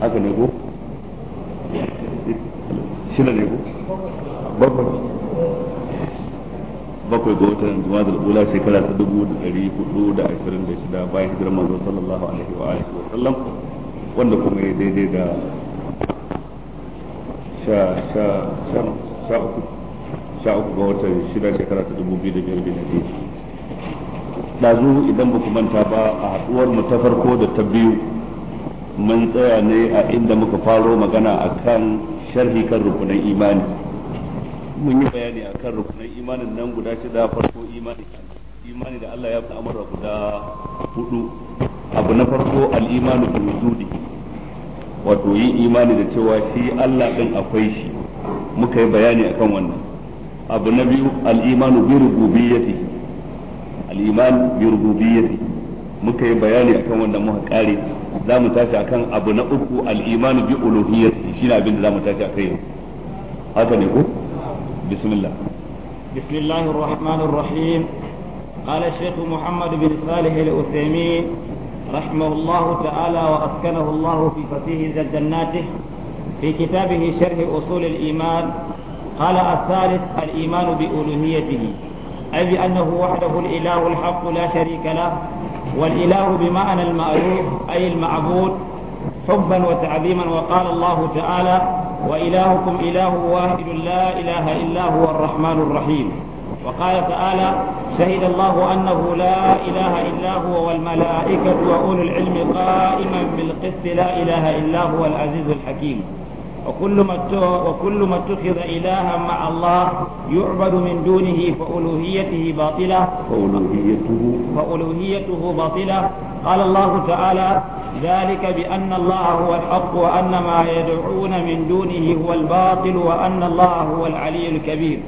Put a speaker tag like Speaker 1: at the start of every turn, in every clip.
Speaker 1: haka ne ko shida ne ko bakwai bakwai ga shekara ta dubu da hudu da ashirin da shida bayan hijirar manzo sallallahu alaihi wa alihi wa sallam wanda kuma ya daidai da sha sha sha sha uku sha uku ga watan shida shekara ta dubu biyu da biyar ɗazu idan ba ku manta ba a haɗuwar mu ta farko da ta biyu mun tsaya ne a inda muka faro magana a kan sharhi kan rukunan imani mun yi bayani a kan rukunan imanin nan guda shida farko imani imani da Allah ya fi amurra guda hudu abu na farko al'imanu bi wujudi wato yi imani da cewa shi Allah din akwai shi muka yi bayani akan wannan abu na biyu al'imanu bi rububiyyati al'iman bi rububiyyati muka yi bayani akan wannan muka kare za mu tashi a kan abu na uku al’imanu bi uluhiyar shi na abin da za mu tashi a kai haka ne ku? bismillah
Speaker 2: bismillah ar-rahman ar-rahim qala shaykh muhammad bin salih al-uthaymin رحمه الله تعالى وأسكنه الله في فسيه زجناته في كتابه شرح أصول الإيمان قال الثالث الإيمان بألوهيته أي أنه وحده الإله الحق لا شريك له والإله بمعنى المألوف أي المعبود حبا وتعظيما وقال الله تعالى وإلهكم إله واحد لا إله إلا هو الرحمن الرحيم وقال تعالى شهد الله أنه لا إله إلا هو والملائكة وأولو العلم قائما بالقسط لا إله إلا هو العزيز الحكيم وكل ما وكل ما اتخذ إلها مع الله يعبد من دونه فألوهيته باطلة فألوهيته فألوهيته باطلة قال الله تعالى ذلك بأن الله هو الحق وأن ما يدعون من دونه هو الباطل وأن الله هو العلي الكبير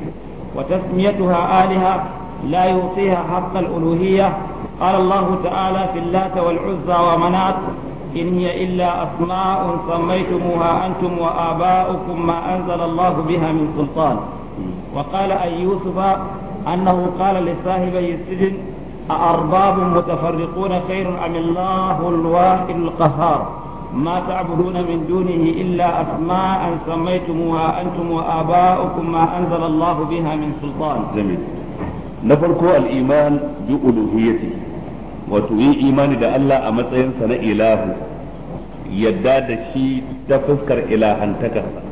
Speaker 2: وتسميتها آلهة لا يعطيها حق الألوهية قال الله تعالى في اللات والعزى ومنات إن هي إلا أسماء سميتموها أنتم وآباؤكم ما أنزل الله بها من سلطان وقال أن يوسف أنه قال لصاحبي السجن أأرباب متفرقون خير أم الله الواحد القهار ما تعبدون من دونه إلا أسماء سميتموها أنتم وآباؤكم ما أنزل الله بها من سلطان
Speaker 1: جميل نفرق الإيمان بألوهيته wato yin imani da Allah a matsayinsa na ilahu yadda da shi ta fuskar ilahantakarsa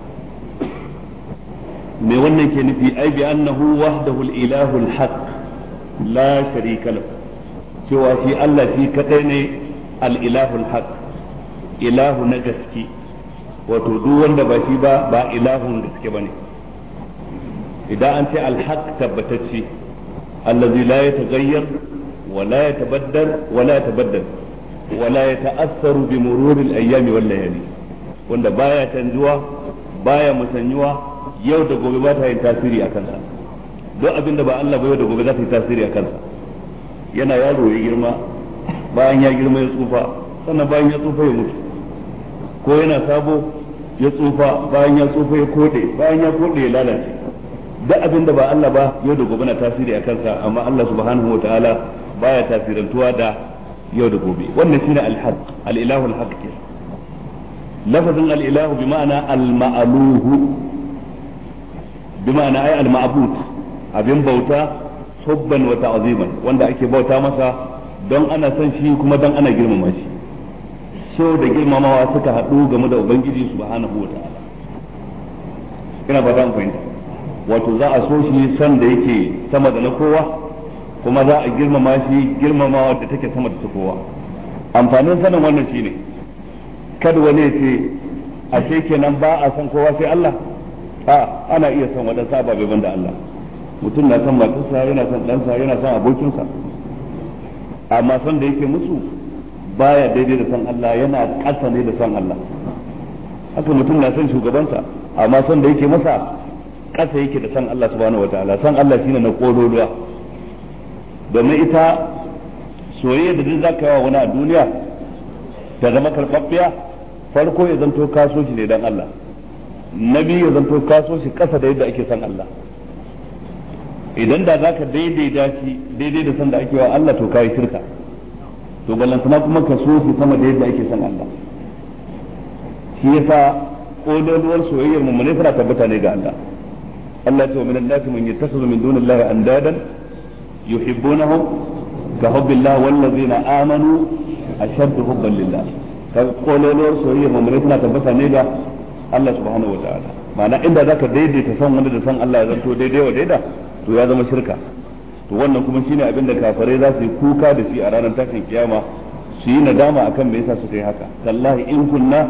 Speaker 1: me wannan ke nufi ai bi annahu wahdahu al-ilahu al-haq la sharika lahu cewa shi Allah shi kadai ne al-ilahu ilahu na gaske wato duk wanda ba shi ba ba ilahun gaske bane idan an ce alhak tabbatacce allazi la yataghayyar wala ya tabaddal wala ya tabaddal wala ya ta'assaru bi mururil ayyami wal layali wanda baya canjuwa baya musanyuwa yau da gobe ba ta yin tasiri a kansa don abinda ba Allah ba yau da gobe za ta yi tasiri a kansa yana yaro ya girma bayan ya girma ya tsufa sannan bayan ya tsufa ya mutu ko yana sabo ya tsufa bayan ya tsufa ya kode bayan ya kode ya lalace duk abinda ba Allah ba yau da gobe na tasiri a kansa amma Allah subhanahu wataala baya tasirantuwa da yau da gobe wannan shine al-haq al-ilahu al-haq lafazin al-ilahu bi ma'ana al-ma'aluhu bi ma'ana ay al-ma'bud abin bauta hubban wa ta'ziman wanda ake bauta masa don ana son shi kuma don ana girmama shi so da girmamawa suka haɗu game da ubangiji subhanahu wa ta'ala ina fata an fahimta wato za a so shi son da yake sama da na kowa kuma za a girmama shi girmamawa da take sama da su kowa amfanin sanin wannan shine kada wani ya ce ashe kenan ba a san kowa sai Allah a ana iya san wadansu ababe ban da Allah mutum na san matarsa yana san ɗansa yana san abokinsa amma san da yake musu baya daidai da san Allah yana ƙasa ne da san Allah haka mutum na san shugabansa amma san da yake masa ƙasa yake da san Allah subhanahu wataala san Allah shine na kololuwa domin ita soyayya da duk zaka yawa wani a duniya ta zama karɓaɓɓiya farko ya zanto kaso shi ne dan Allah na biyu ya zanto kaso shi ƙasa da yadda ake san Allah idan da zaka daidaita shi daidai da san da ake wa Allah to kai shirka to gallan kuma kaso so shi sama da yadda ake san Allah shi yasa kololuwar soyayyar mu ne tana tabbata ne ga Allah Allah ya ce wa minan nasi mun yattasu min dunillahi andadan yuhibbunahum ka hubbillah wallazina amanu ashaddu hubban lillah kaga kololor soyayya mu'mini tana tabbata ne ga Allah subhanahu wa ma'ana inda zaka daidaita san wanda da san Allah ya zanto daidai wa daida to ya zama shirka to wannan kuma shine abin da kafirai za su yi kuka da shi a ranar tashin kiyama su yi nadama akan me yasa suka yi haka tallahi in kunna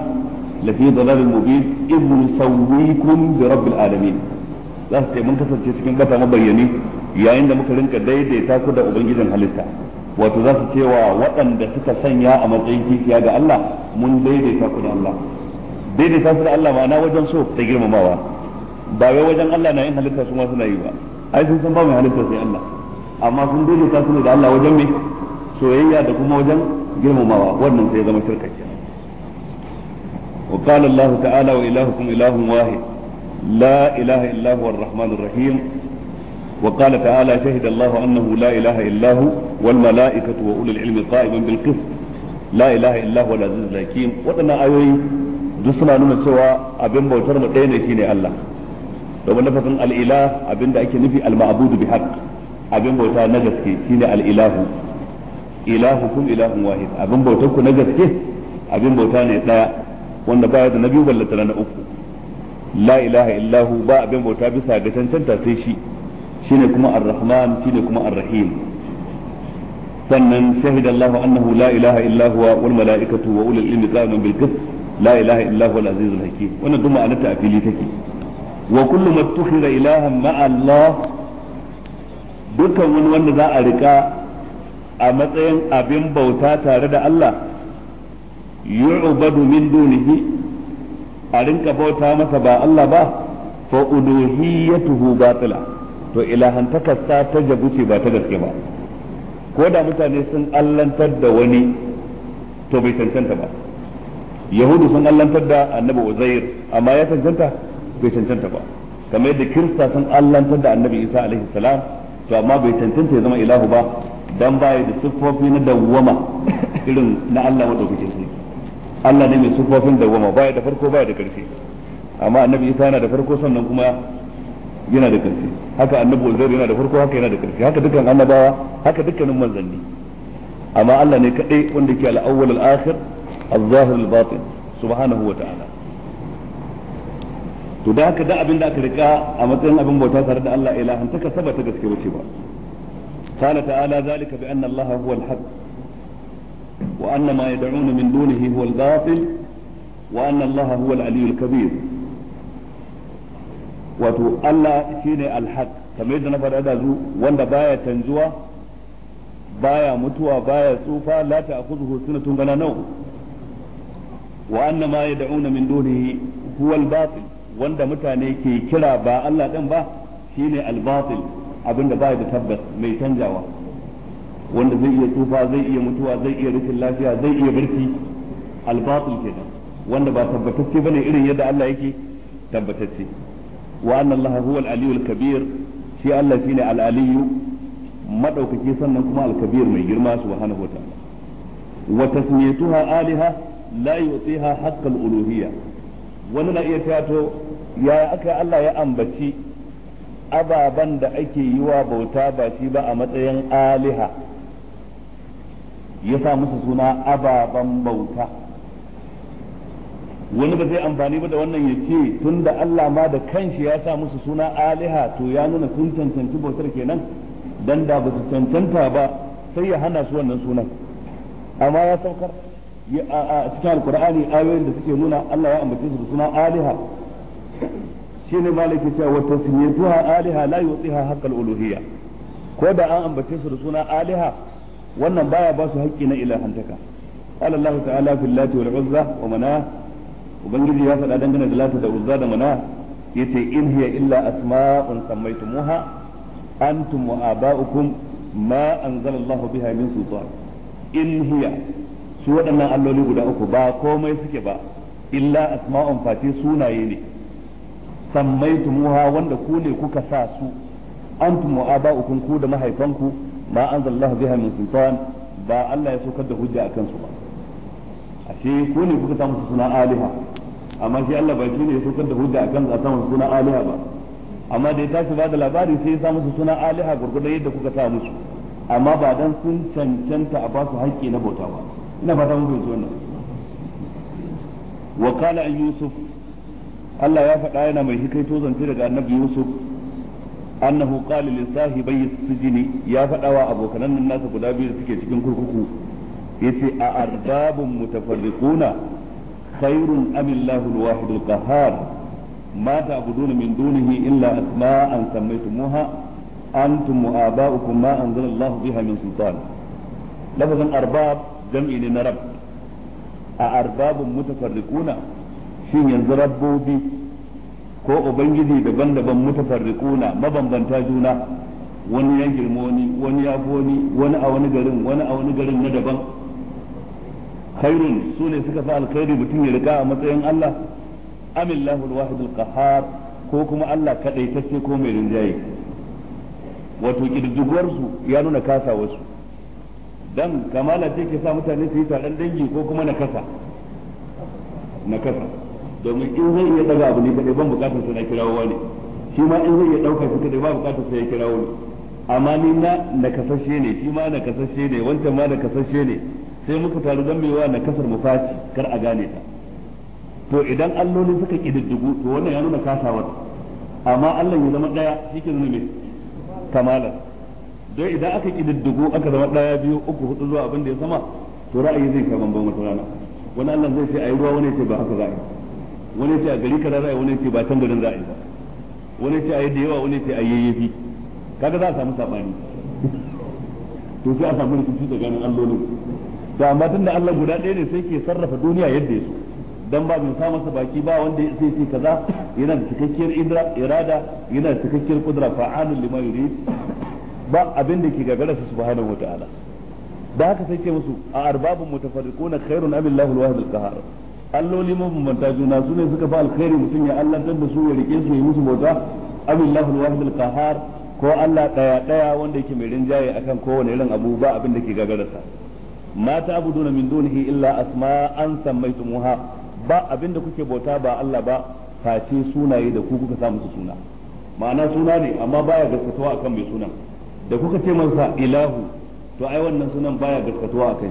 Speaker 1: lafi dalalin mubin in musawwikum bi rabbil alamin za su ce mun kasance cikin bata mabayyani yayin da muka rinka daidaita ku da ubangijin halitta wato za su cewa waɗanda suka sanya a matsayin kifiya ga Allah mun daidaita ku da Allah daidaita su da Allah ma'ana wajen so da girmamawa ba wai wajen Allah na yin halitta su ma suna yi ba ai sun san ba mai halitta sai Allah amma sun daidaita su da Allah wajen me soyayya da kuma wajen girmamawa wannan sai zama shirka kenan وقال الله تعالى وإلهكم إله واحد لا إله إلا هو الرحمن الرحيم وقال تعالى شهد الله أنه لا إله إلا هو والملائكة وأولو العلم قائما بالقسط لا إله إلا هو العزيز الحكيم وأنا أيوي دسنا نونا سوى أبن بوتر مدينة الله domin lafazin al'ilah abinda ake nufi al-ma'budu bi haqq abin bauta na gaske shine al-ilahu ilahukum ilahun wahid abin bautar ku na gaske abin bauta ne daya wanda baya da nabi ballata na uku la ilaha illahu ba abin bauta bisa ga cancanta sai shi shine kuma ar-rahman shine kuma ar-rahim sannan shahida Allah annahu la ilaha illa huwa wal malaikatu wa ulul ilmi qa'iman bil qist la ilaha illa huwa al-aziz al-hakim wannan duk ma'anar ta afili take wa kullu ma tukhira ilahan ma'a Allah dukkan wani wanda za a rika a matsayin abin bauta tare da Allah yu'badu min dunihi a rinka bauta masa ba Allah ba fa uluhiyatuhu batila to ilahantakar ta jabu ce ba ta gaske ba ko da mutane sun allantar da wani to bai cancanta ba yahudu sun allantar da annabi uzair amma ya cancanta bai cancanta ba kamar yadda kirista sun allantar da annabi isa alaihi salam to amma bai cancanta ya zama ilahu ba dan baya da siffofi na dawwama irin na Allah madaukakin sarki Allah ne mai siffofin dawwama baya da farko baya da karshe amma annabi isa yana da farko sannan kuma yana da ƙarfi haka annabi uzair yana da farko haka yana da ƙarfi haka dukkan annabawa haka dukkanin manzanni amma Allah ne kadai wanda ke al-awwal al-akhir al-zahir al-batin subhanahu wa ta'ala to da haka da abin da aka rika a matsayin abin bauta tare da Allah ilahan taka saba ta gaske wuce ba qala ta'ala zalika bi anna Allah huwa al-haq wa anna ma yad'una min dunihi huwa al-batil wa anna Allah huwa al-aliyyul kabir wato Allah shine alhaq kamar yadda na faɗa da zu wanda baya canjuwa baya mutuwa baya tsufa la ta'khudhuhu sinatun wala nawm wa anna ma yad'una min dunihi huwa al-batil wanda mutane ke kira ba Allah din ba shine al-batil abinda baya da tabbas mai canjawa wanda zai iya tsufa zai iya mutuwa zai iya rikin lafiya zai iya barci al-batil kenan wanda ba tabbatacce bane irin yadda Allah yake tabbatacce wa anna allaha al-aliyyu al-kabir shi Allah shine al-aliyyu madaukaki sannan kuma al-kabir mai girma subhanahu wa ta'ala wa tasmiyatuha aliha la yutiha haqq al-uluhiyya wani na iya tato ya aka Allah ya ambaci ababan da ake yi wa bauta ba shi ba a matsayin aliha ya sa musu suna ababan bauta wani ba zai amfani ba da wannan ya ce tun da Allah ma da kanshi ya sa musu suna aliha to ya nuna sun cancanci bautar kenan dan da ba su cancanta ba sai ya hana su wannan sunan amma ya saukar a cikin alkur'ani ayoyin da suke nuna Allah ya ambace su da suna aliha shine malaki cewa wa tasmiyatuha aliha la yutiha haqqal uluhiyya ko da an ambace su da suna aliha wannan baya ba su haƙƙi na ilahantaka qala Allah ta'ala fil lati wal uzza wa ubangiji ya faɗa dangane da lata da uzza da mana yace in hiya illa asma'un sammaytumuha antum wa aba'ukum ma anzalallahu biha min sultan in hiya su waɗannan alloli guda uku ba komai suke ba illa asma'un fati sunaye ne sammaytumuha wanda ku ne kuka sa su antum wa aba'ukum ku da mahaifanku ma anzalallahu biha min sultan ba Allah ya saukar da hujja akan su ba a ko ne kuka samu suna aliha amma shi Allah ba shi ne ya saukar da hujja akan a samu suna aliha ba amma da ya tashi ba da labari sai ya samu suna aliha gurgurdan yadda kuka sa musu amma ba dan sun cancanta a basu haƙƙi na bauta ba ina fata mun fahimci wannan wa qala an yusuf Allah ya faɗa yana mai hikaito zance daga annabi yusuf annahu qala li sahibi sijni ya faɗa wa abokanan nan nasa guda biyu da suke cikin kurkuku yace a arbabun mutafarriquna khairun am Allahu al-wahid al-qahhar ma ta'buduna min dunihi illa asma'an sammaytumuha antum wa aba'ukum ma anzala Allah biha min sultan lafazan arbab jam'i ne na rabb a arbabun mutafarriquna shin yanzu rabbobi ko ubangiji daban-daban mutafarriquna mabambanta juna wani ya girma wani ya wani wani a wani garin wani a wani garin na daban khairun su ne suka sa alkhairi mutum ya riga a matsayin Allah amillahul wahidul alqahar ko kuma Allah kadaitacce ko mai rinjaye wato kidduguwar su ya nuna kasa wasu dan kamala ce ke sa mutane su yi taron dangi ko kuma na kasa domin in zai iya daga abu ne kadai ban bukatar sa na kirawo ne shi ma in zai iya dauka shi kadai ba bukatar sa ya kirawo ne amma ni na nakasashe ne shi ma nakasashe ne wancan ma nakasashe ne sai muka taru don mai wa na kasar mu faci kar a gane ta to idan alloli suka kididdigu to wannan ya nuna kasawar amma Allah ya zama daya ke nuna mai kamalar don idan aka kididdigu aka zama daya biyu uku hudu zuwa abin da ya sama to ra'ayi zai kama ban wata rana wani Allah zai ce a yi ruwa wani ce ba haka za a yi wani ce a gari kaza za a yi wani ce ba can garin za a yi ba wani ce a yi da yawa wani ce a yayyafi kaga za a samu sabani to sai a samu rikici ganin allolin da amma tunda Allah guda ɗaya ne sai ke sarrafa duniya yadda ya so dan ba mai sa masa baki ba wanda sai ce kaza yana da cikakkiyar irada yana da cikakkiyar kudura fa'alul lima yurid ba abin da ke gagara su subhanahu wataala da haka sai ke musu a arbabun mutafarriquna khairun am Allahu al-wahid al-qahhar alloli mabambanta juna su ne suka ba alkhairi mutum ya Allah da su ya rike su ya musu bauta am Allahu al-wahid al-qahhar ko Allah daya daya wanda yake mai rinjaye akan kowane irin abu ba abin da ke sa ma ta'buduna min dunihi illa asma'an sammaytumuha ba abinda kuke bauta ba Allah ba face sunaye da ku kuka sa musu suna ma'ana suna ne amma baya gaskatuwa akan mai sunan da kuka ce masa ilahu to ai wannan sunan baya gaskatuwa akai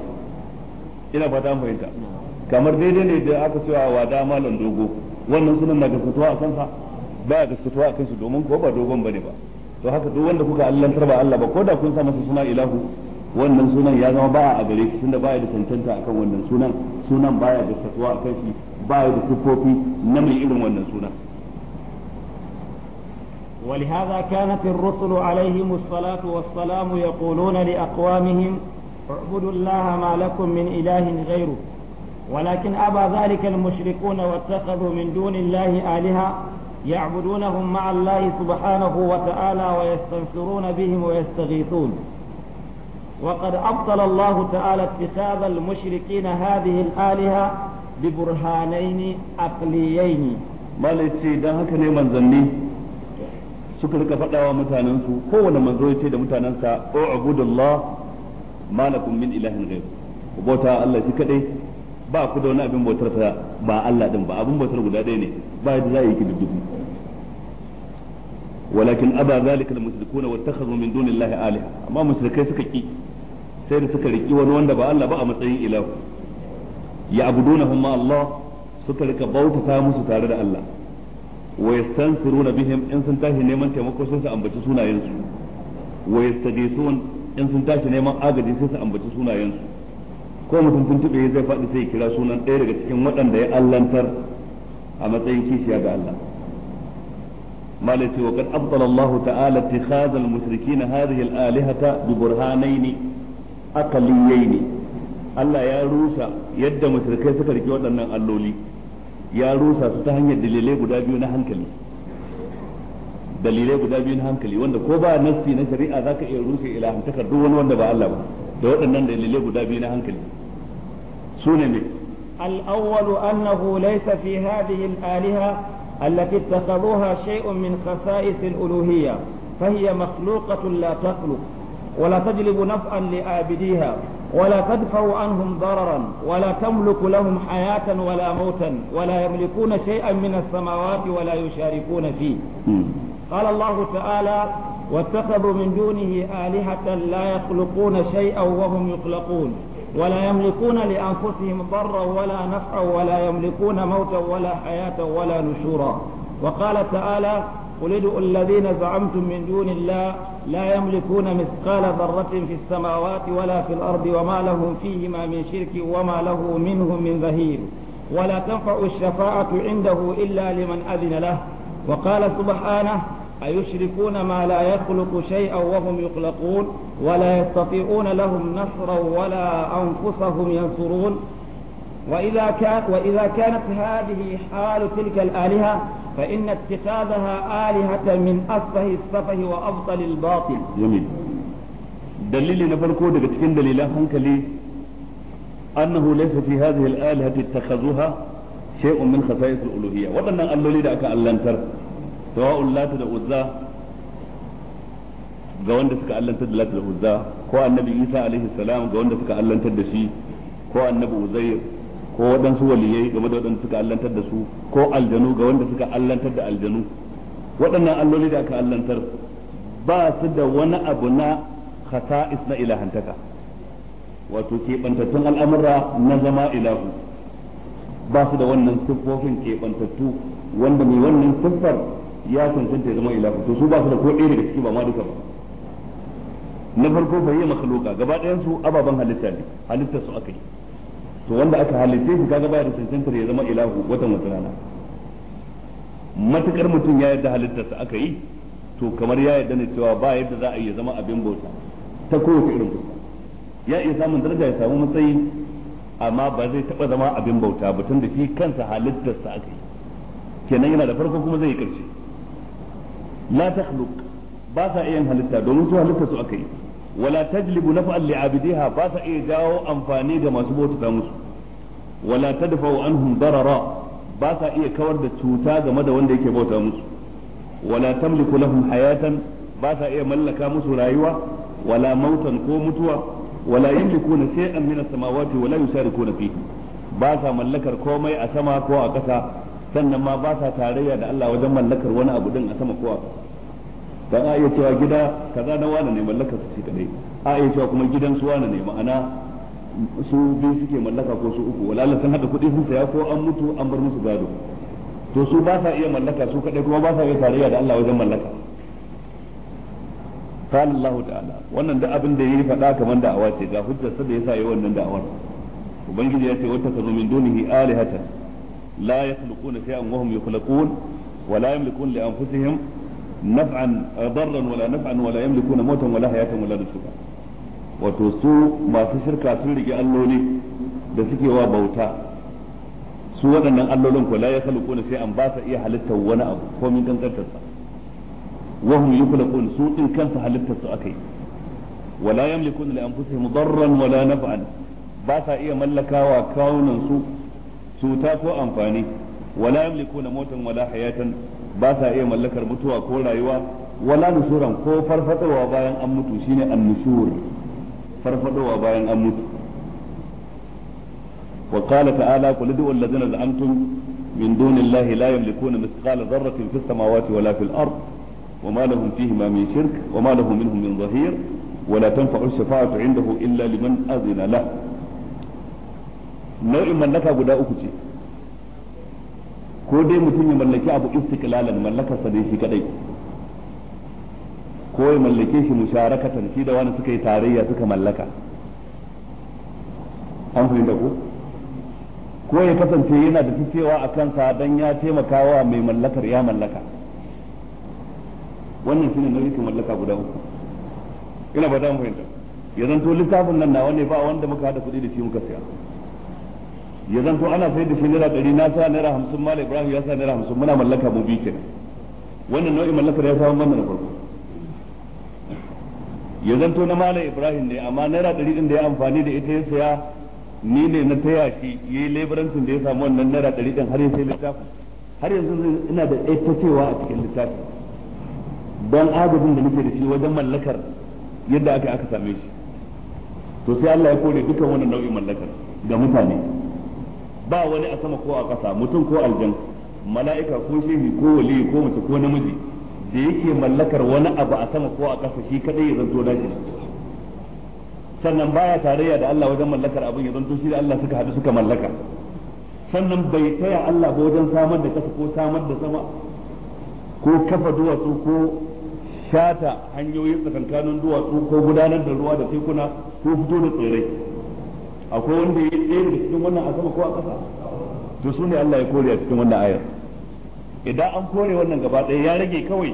Speaker 1: ina fata an fahimta kamar daidai ne da aka cewa da malam dogo wannan sunan na gaskatuwa a sa baya gaskatuwa a su domin ko ba dogon bane ba to haka duk wanda kuka allantar ba Allah ba ko da kun sa masa suna ilahu wannan sunan ya zama baya a gare shi tunda baya da tantanta akan wannan sunan sunan baya da tatuwa akan shi baya da sifofi na mai irin wannan sunan
Speaker 2: ولهذا كانت الرسل عليهم الصلاة والسلام يقولون لأقوامهم اعبدوا الله ما لكم من إله غيره ولكن أبى ذلك المشركون واتخذوا من دون الله آلهة يعبدونهم مع الله سبحانه وتعالى ويستنصرون بهم ويستغيثون وقد أبطل الله تعالى اتخاذ المشركين هذه الآلهة ببرهانين عقليين مالتي ده هكا نيمان زني suka rika
Speaker 1: faɗawa mutanensu kowane manzo ya ce da mutanensa o abudullah malakum min ilahin ghayr ku Allah shi kadai ba ku da abin bautar ba Allah din ba abin bautar guda ɗaya ne ba da za a yi ki walakin aba zalika al mushrikuna wattakhadhu min dunillahi alaha amma mushrikai suka ki sai da suka riki wani wanda ba Allah ba a matsayin ilahu ya abudunahum ma Allah suka rika bautata musu tare da Allah wa yastansiruna bihim in sun tashi neman taimako ambaci in sun tashi neman agaji sai su ambaci sunayensu ko mutum sun tube zai faɗi sai kira sunan ɗaya daga cikin waɗanda ya allantar a matsayin kishiya ga Allah ما لتي وقد أبطل الله تعالى اتخاذ المشركين هذه الآلهة ببرهانين أقليين Allah ya rusa yadda mushrikai suka rike waɗannan alloli ya rusa su ta hanyar dalilai guda biyu na hankali dalilai guda biyu na hankali wanda ko ba nasti na shari'a zaka iya rusa ilahantakar duk wani wanda ba Allah ba da waɗannan dalilai guda biyu na hankali su ne ne
Speaker 2: الأول أنه ليس في هذه aliha. التي اتخذوها شيء من خصائص الألوهية فهي مخلوقة لا تخلق ولا تجلب نفعا لآبديها ولا تدفع عنهم ضررا ولا تملك لهم حياة ولا موتا ولا يملكون شيئا من السماوات ولا يشاركون فيه قال الله تعالى واتخذوا من دونه آلهة لا يخلقون شيئا وهم يخلقون ولا يملكون لأنفسهم ضرا ولا نفعا ولا يملكون موتا ولا حياة ولا نشورا وقال تعالى قل ادعوا الذين زعمتم من دون الله لا يملكون مثقال ذرة في السماوات ولا في الأرض وما لهم فيهما من شرك وما له منهم من ظهير ولا تنفع الشفاعة عنده إلا لمن أذن له وقال سبحانه أيشركون ما لا يخلق شيئا وهم يخلقون ولا يستطيعون لهم نصرا ولا أنفسهم ينصرون وإذا, كان وإذا كانت هذه حال تلك الآلهة فإن اتخاذها آلهة من أسفه السفه وأبطل الباطل
Speaker 1: جميل دليل نفرقه دقى تكين دليل لي أنه ليس في هذه الآلهة اتخذوها شيء من خصائص الألوهية وضعنا أن دعك ألانتر sawa'un lata da uzza ga wanda suka allantar da lata da uzza ko annabi isa alaihi salam ga wanda suka allantar da shi ko annabi uzair ko waɗansu waliyai game da waɗanda suka allantar da su ko aljanu ga wanda suka allantar da aljanu waɗannan alloli da aka allantar ba su da wani abu na khata'is na ilahantaka wato keɓantattun al'amura na zama ilahu ba su da wannan siffofin keɓantattu wanda mai wannan siffar ya cancanta ya zama ilahu to su ba su da ko ɗaya daga ciki ba ma duka ba na farko bai yi makhluqa gaba ɗayan su ababan halitta ne halitta su aka yi to wanda aka halitta shi kaga baya da cancantar ya zama ilahu watan wata rana matukar mutum ya yarda su aka yi to kamar ya yarda ne cewa ba yadda za a yi zama abin bauta ta kowace irin bauta ya iya samun daraja ya samu matsayi amma ba zai taba zama abin bauta ba tun da shi kansa su aka yi kenan yana da farko kuma zai yi karshe la takhluq ba sa iya halitta domin su halitta su akai wala tajlibu naf'an li'abidiha ba sa iya dawo amfani da masu bauta musu wala tadfa'u anhum darara ba sa iya kawar da cuta game da wanda yake bauta musu wala tamliku lahum hayatan ba sa iya mallaka musu rayuwa wala mautan ko mutuwa wala yamlikuna shay'an min as-samawati wala yusarikuna fihi ba sa mallakar komai a sama ko a ƙasa sannan ma ba sa tarayya da Allah wajen mallakar wani abu din a sama ko a ƙasa dan a iya cewa gida kaza na wani ne mallakar su shi kadai a iya cewa kuma gidan su wani ne ma'ana su biyu suke mallaka ko su uku wala sun hada kuɗi sun saya ko an mutu an bar musu gado to su ba sa iya mallaka su kadai kuma ba sa iya tarayya da Allah wajen mallaka قال الله تعالى wannan da abin da yayi faɗa kamar da ce ga hujjar sa da yasa yayi wannan da'awar ubangiji ya ce wata kazu min dunihi alihatan لا يخلقون شيئا وهم يخلقون ولا يملكون لأنفسهم نفعا ضرا ولا نفعا ولا يملكون موتا ولا حياة ولا نشورا wato su masu shirka sun rike alloli da suke wa bauta su waɗannan allolin ko la ya khaluquna shay'an ba sa iya halittar wani abu ko min kankantar sa wa hum yukhlaqun su din kansu halittar su akai wala yamlikuna li anfusihim darran wala naf'an ba sa iya mallakawa kawunan su cuta ko amfani wala yamlikuna mautan wala hayatan ba sa iya mallakar mutuwa ko rayuwa wala nusuran ko farfadowa bayan an mutu shine annushur farfadowa bayan an mutu wa qala ta'ala qul ad'u alladhina za'amtum min duni dunillahi la yamlikuna mithqala dharratin fis samawati wala fil ard وما لهم فيهما من شرك وما له منهم من ظهير ولا تنفع الشفاعة عنده إلا لمن أذن له nau'in mallaka guda uku ce ko dai mutum ya mallaki abu istiklalan mallakar sa ne shi kadai ko ya mallake shi musharakatan shi da wani suka yi tarayya suka mallaka an fahimta ko ko ya kasance yana da cewa a kansa dan ya taimaka wa mai mallakar ya mallaka wannan shine nau'in mallaka guda uku ina ba da mu fahimta yanzu to littafin nan na wanda ba wanda muka hada kuɗi da shi muka siya ya zanto ana sayar da shi naira ɗari na sa naira hamsin mala ibrahim ya sa naira hamsin muna mallaka mu biyu kenan wannan nau'in mallakar ya samu mana na farko ya to na mala ibrahim ne amma naira ɗari ɗin da ya amfani da ita ya saya ni ne na taya shi ya yi leburancin da ya samu wannan naira ɗari ɗin har ya sai littafin har yanzu ina da ɗaya cewa a cikin littafin don agajin da nake da shi wajen mallakar yadda aka aka same shi to sai Allah ya kore dukkan wannan nau'in mallakar ga mutane ba wani a sama ko a ƙasa mutum ko aljan mala'ika ko shehi ko wali ko mace ko namiji da yake mallakar wani abu a sama ko a ƙasa shi kadai ya zanto nashi sannan baya tarayya da Allah wajen mallakar abin ya zanto shi da Allah suka hadu suka mallaka sannan bai taya Allah ba wajen samar da ƙasa ko samar da sama ko kafa duwatsu ko shata hanyoyin tsakankanin duwatsu ko gudanar da ruwa da tekuna ko fito da tsirrai akwai wanda ya yi da cikin wannan a sama ko a ƙasa to su ne Allah ya kore a cikin wannan ayar idan an kore wannan gaba ɗaya ya rage kawai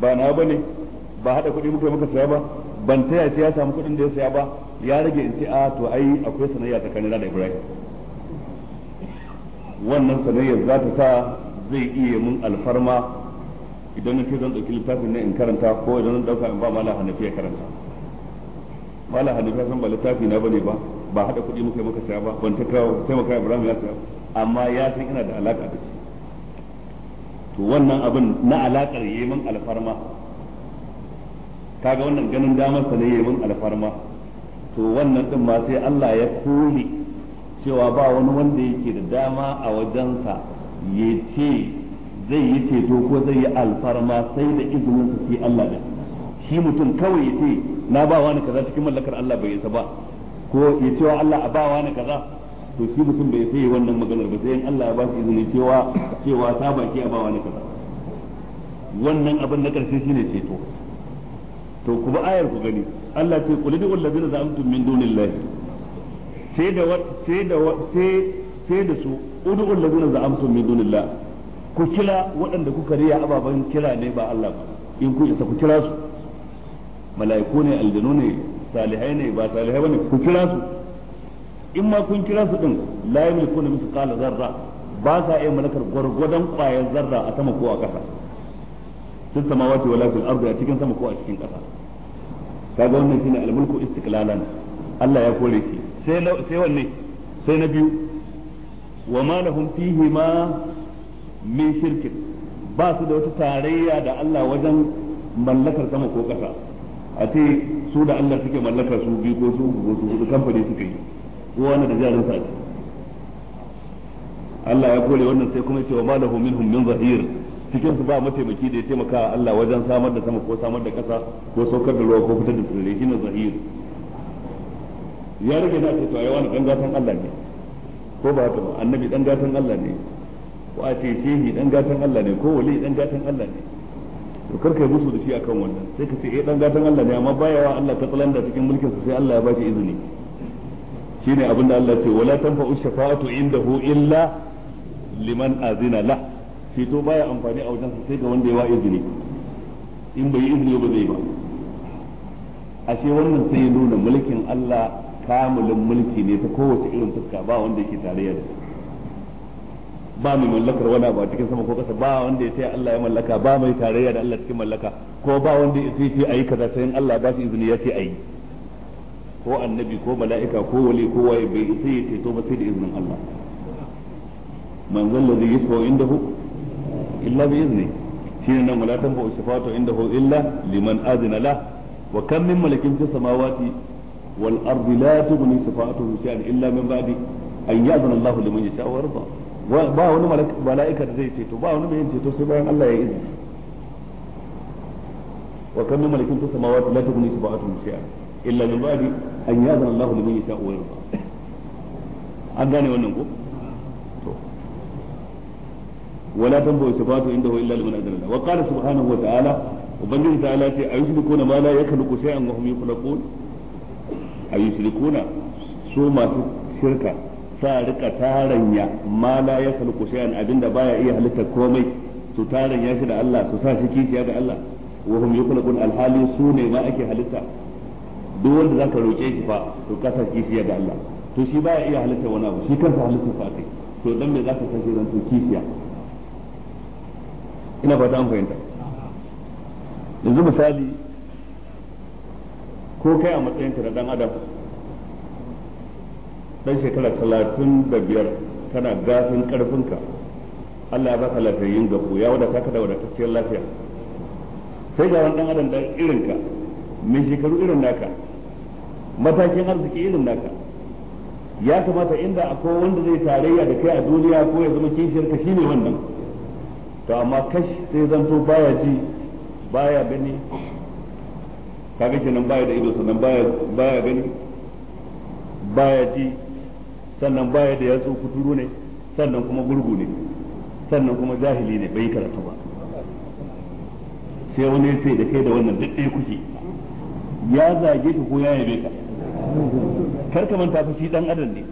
Speaker 1: ba na ba ne ba haɗa kuɗi muka muka saya ba ban taya ce ya samu kuɗin da ya saya ba ya rage in ce a ah, to ai akwai sanayya tsakanin da Ibrahim wannan sanayya za ta sa zai iya mun alfarma idan na ce zan ɗauki littafin ne in karanta ko idan zan ɗauka in ba mala hanafi ya karanta mala hanafi san ba littafi na ba ne ba ba hada kuɗi muka yi muka saya ba ban taimaka taimaka Ibrahim ya saya amma ya san ina da alaka da shi to wannan abin na alakar yemin alfarma kaga wannan ganin damar sa ne yemin alfarma to wannan din ma sai Allah ya kore cewa ba wani wanda yake da dama a wajensa ya ce zai yi ceto ko zai yi alfarma sai da izinin sa sai Allah da shi mutum kawai ya ce na ba wani kaza cikin mallakar Allah bai yi ba ko ya cewa Allah a bawa na kaza to shi mutum bai sai wannan maganar ba sai in Allah ya ba shi izini cewa cewa ta baki a bawa na kaza wannan abin na karshe shine ceto to ku ba ayar ku gani Allah ce qul lil ladina za'amtum min dunillahi sai da sai da sai sai da su ud'u ladina za'amtum min dunillahi ku kira waɗanda kuka riya ababen kira ne ba Allah ba in ku isa ku kira su mala'iku ne aljanu ne salihai ne ba salihai bane ku kira su in ma kun kira su din la musu qala zarra ba sa iya malakar gwargwadon kwayar zarra a sama ko a ƙasa sun samawati wala fil ardi a cikin sama ko a cikin ƙasa kaga wannan shine al-mulku istiqlalan Allah ya kore shi sai sai wanne sai na biyu wa ma lahum fihi ma min shirkin ba su da wata tarayya da Allah wajen mallakar sama ko ƙasa a ce su da Allah suke mallaka su biyu ko su uku ko su hudu kamfani suke yi ko na da jarin sa Allah ya kore wannan sai kuma ce wa malahu minhum min zahir cikin su ba mataimaki da ya taimaka Allah wajen samar da sama ko samar da kasa ko saukar da ruwa ko fitar da tsirrai shine zahir ya rage na ce to ai wani dan gatan Allah ne ko ba ta ba annabi dan gatan Allah ne ko a ce shehi dan gatan Allah ne ko wali dan gatan Allah ne to kar ka yi musu da shi akan wannan sai ka ce eh dan gatan Allah ne amma baya wa Allah katsalanda cikin mulkin sa sai Allah ya bashi izini shine abin da Allah ce wala tanfa'u shafa'atu indahu illa liman azina la shi to baya amfani a wajen sai ga wanda ya wa izini in bai izini ba zai ba ashe wannan sai ya nuna mulkin Allah kamulin mulki ne ta kowace irin fuska ba wanda yake tarayya da shi ba mai mallakar wani ba a cikin sama ko kasa ba wanda ya sai Allah ya mallaka ba mai tarayya da Allah cikin mallaka ko ba wanda ya sai ayi kaza sai Allah ba shi izini ya ce ayi ko annabi ko mala'ika ko wali ko waye bai sai ya ceto ba sai da izinin Allah man zalla zai yashfa indahu illa bi izni shine nan wala tanfa shafatu indahu illa liman adina la wa kam min malakin fis samawati wal ardi la tughni shafa'atuhum shay'an illa min ba'di an ya'zana Allahu liman yasha'u wa yarda ba wani mala'ika da zai ceto ba wani mai yin ceto sai bayan Allah ya yi izini wa kan min malakin fis samawati la tughni shafa'atuhum shay'a illa min ba'di an ya'zana Allahu liman yasha'u wa yarda an gane wannan ko to wala tanbu shafa'atu indahu illa liman adana Allah wa qala subhanahu wa ta'ala ubangiji ta'ala ce ayyushrikuna ma la yakhluqu shay'an wa hum yukhluqun ayyushrikuna su masu shirka ta rika taranya ma la ya salku shay'an abinda baya iya halitta komai su taranya shi da Allah su sa shi kishiya da Allah wa hum yukhlaqun alhali su ne ma ake halitta duk wanda zaka roke shi fa to ka sa kishiya da Allah to shi baya iya halitta wani abu shi kansa halitta fa kai to dan me zaka kashe zan to kishiya ina ba an fahimta yanzu misali ko kai a matsayinka da dan adam dan shekara talatin da biyar kana gafin karfinka Allah ya baka lafiyayyin gabo ya wadata ka da wadatacciyar lafiya sai ga wani dan adam da irinka mai shekaru irin naka matakin arziki irin naka ya kamata inda akwai wanda zai tarayya da kai a duniya ko ya zama kishiyar ka shine wannan to amma kash sai zanto baya ji baya gani kaga kenan baya da ido sannan baya baya gani baya ji sannan baya da yatsu kuturu ne sannan kuma gurgu ne sannan kuma jahili ne bai karatu ba sai wani ya ce da kai da wannan duk ɗaya kuke ya zage ka ko ya yabe ka kar ka manta fa shi dan adam ne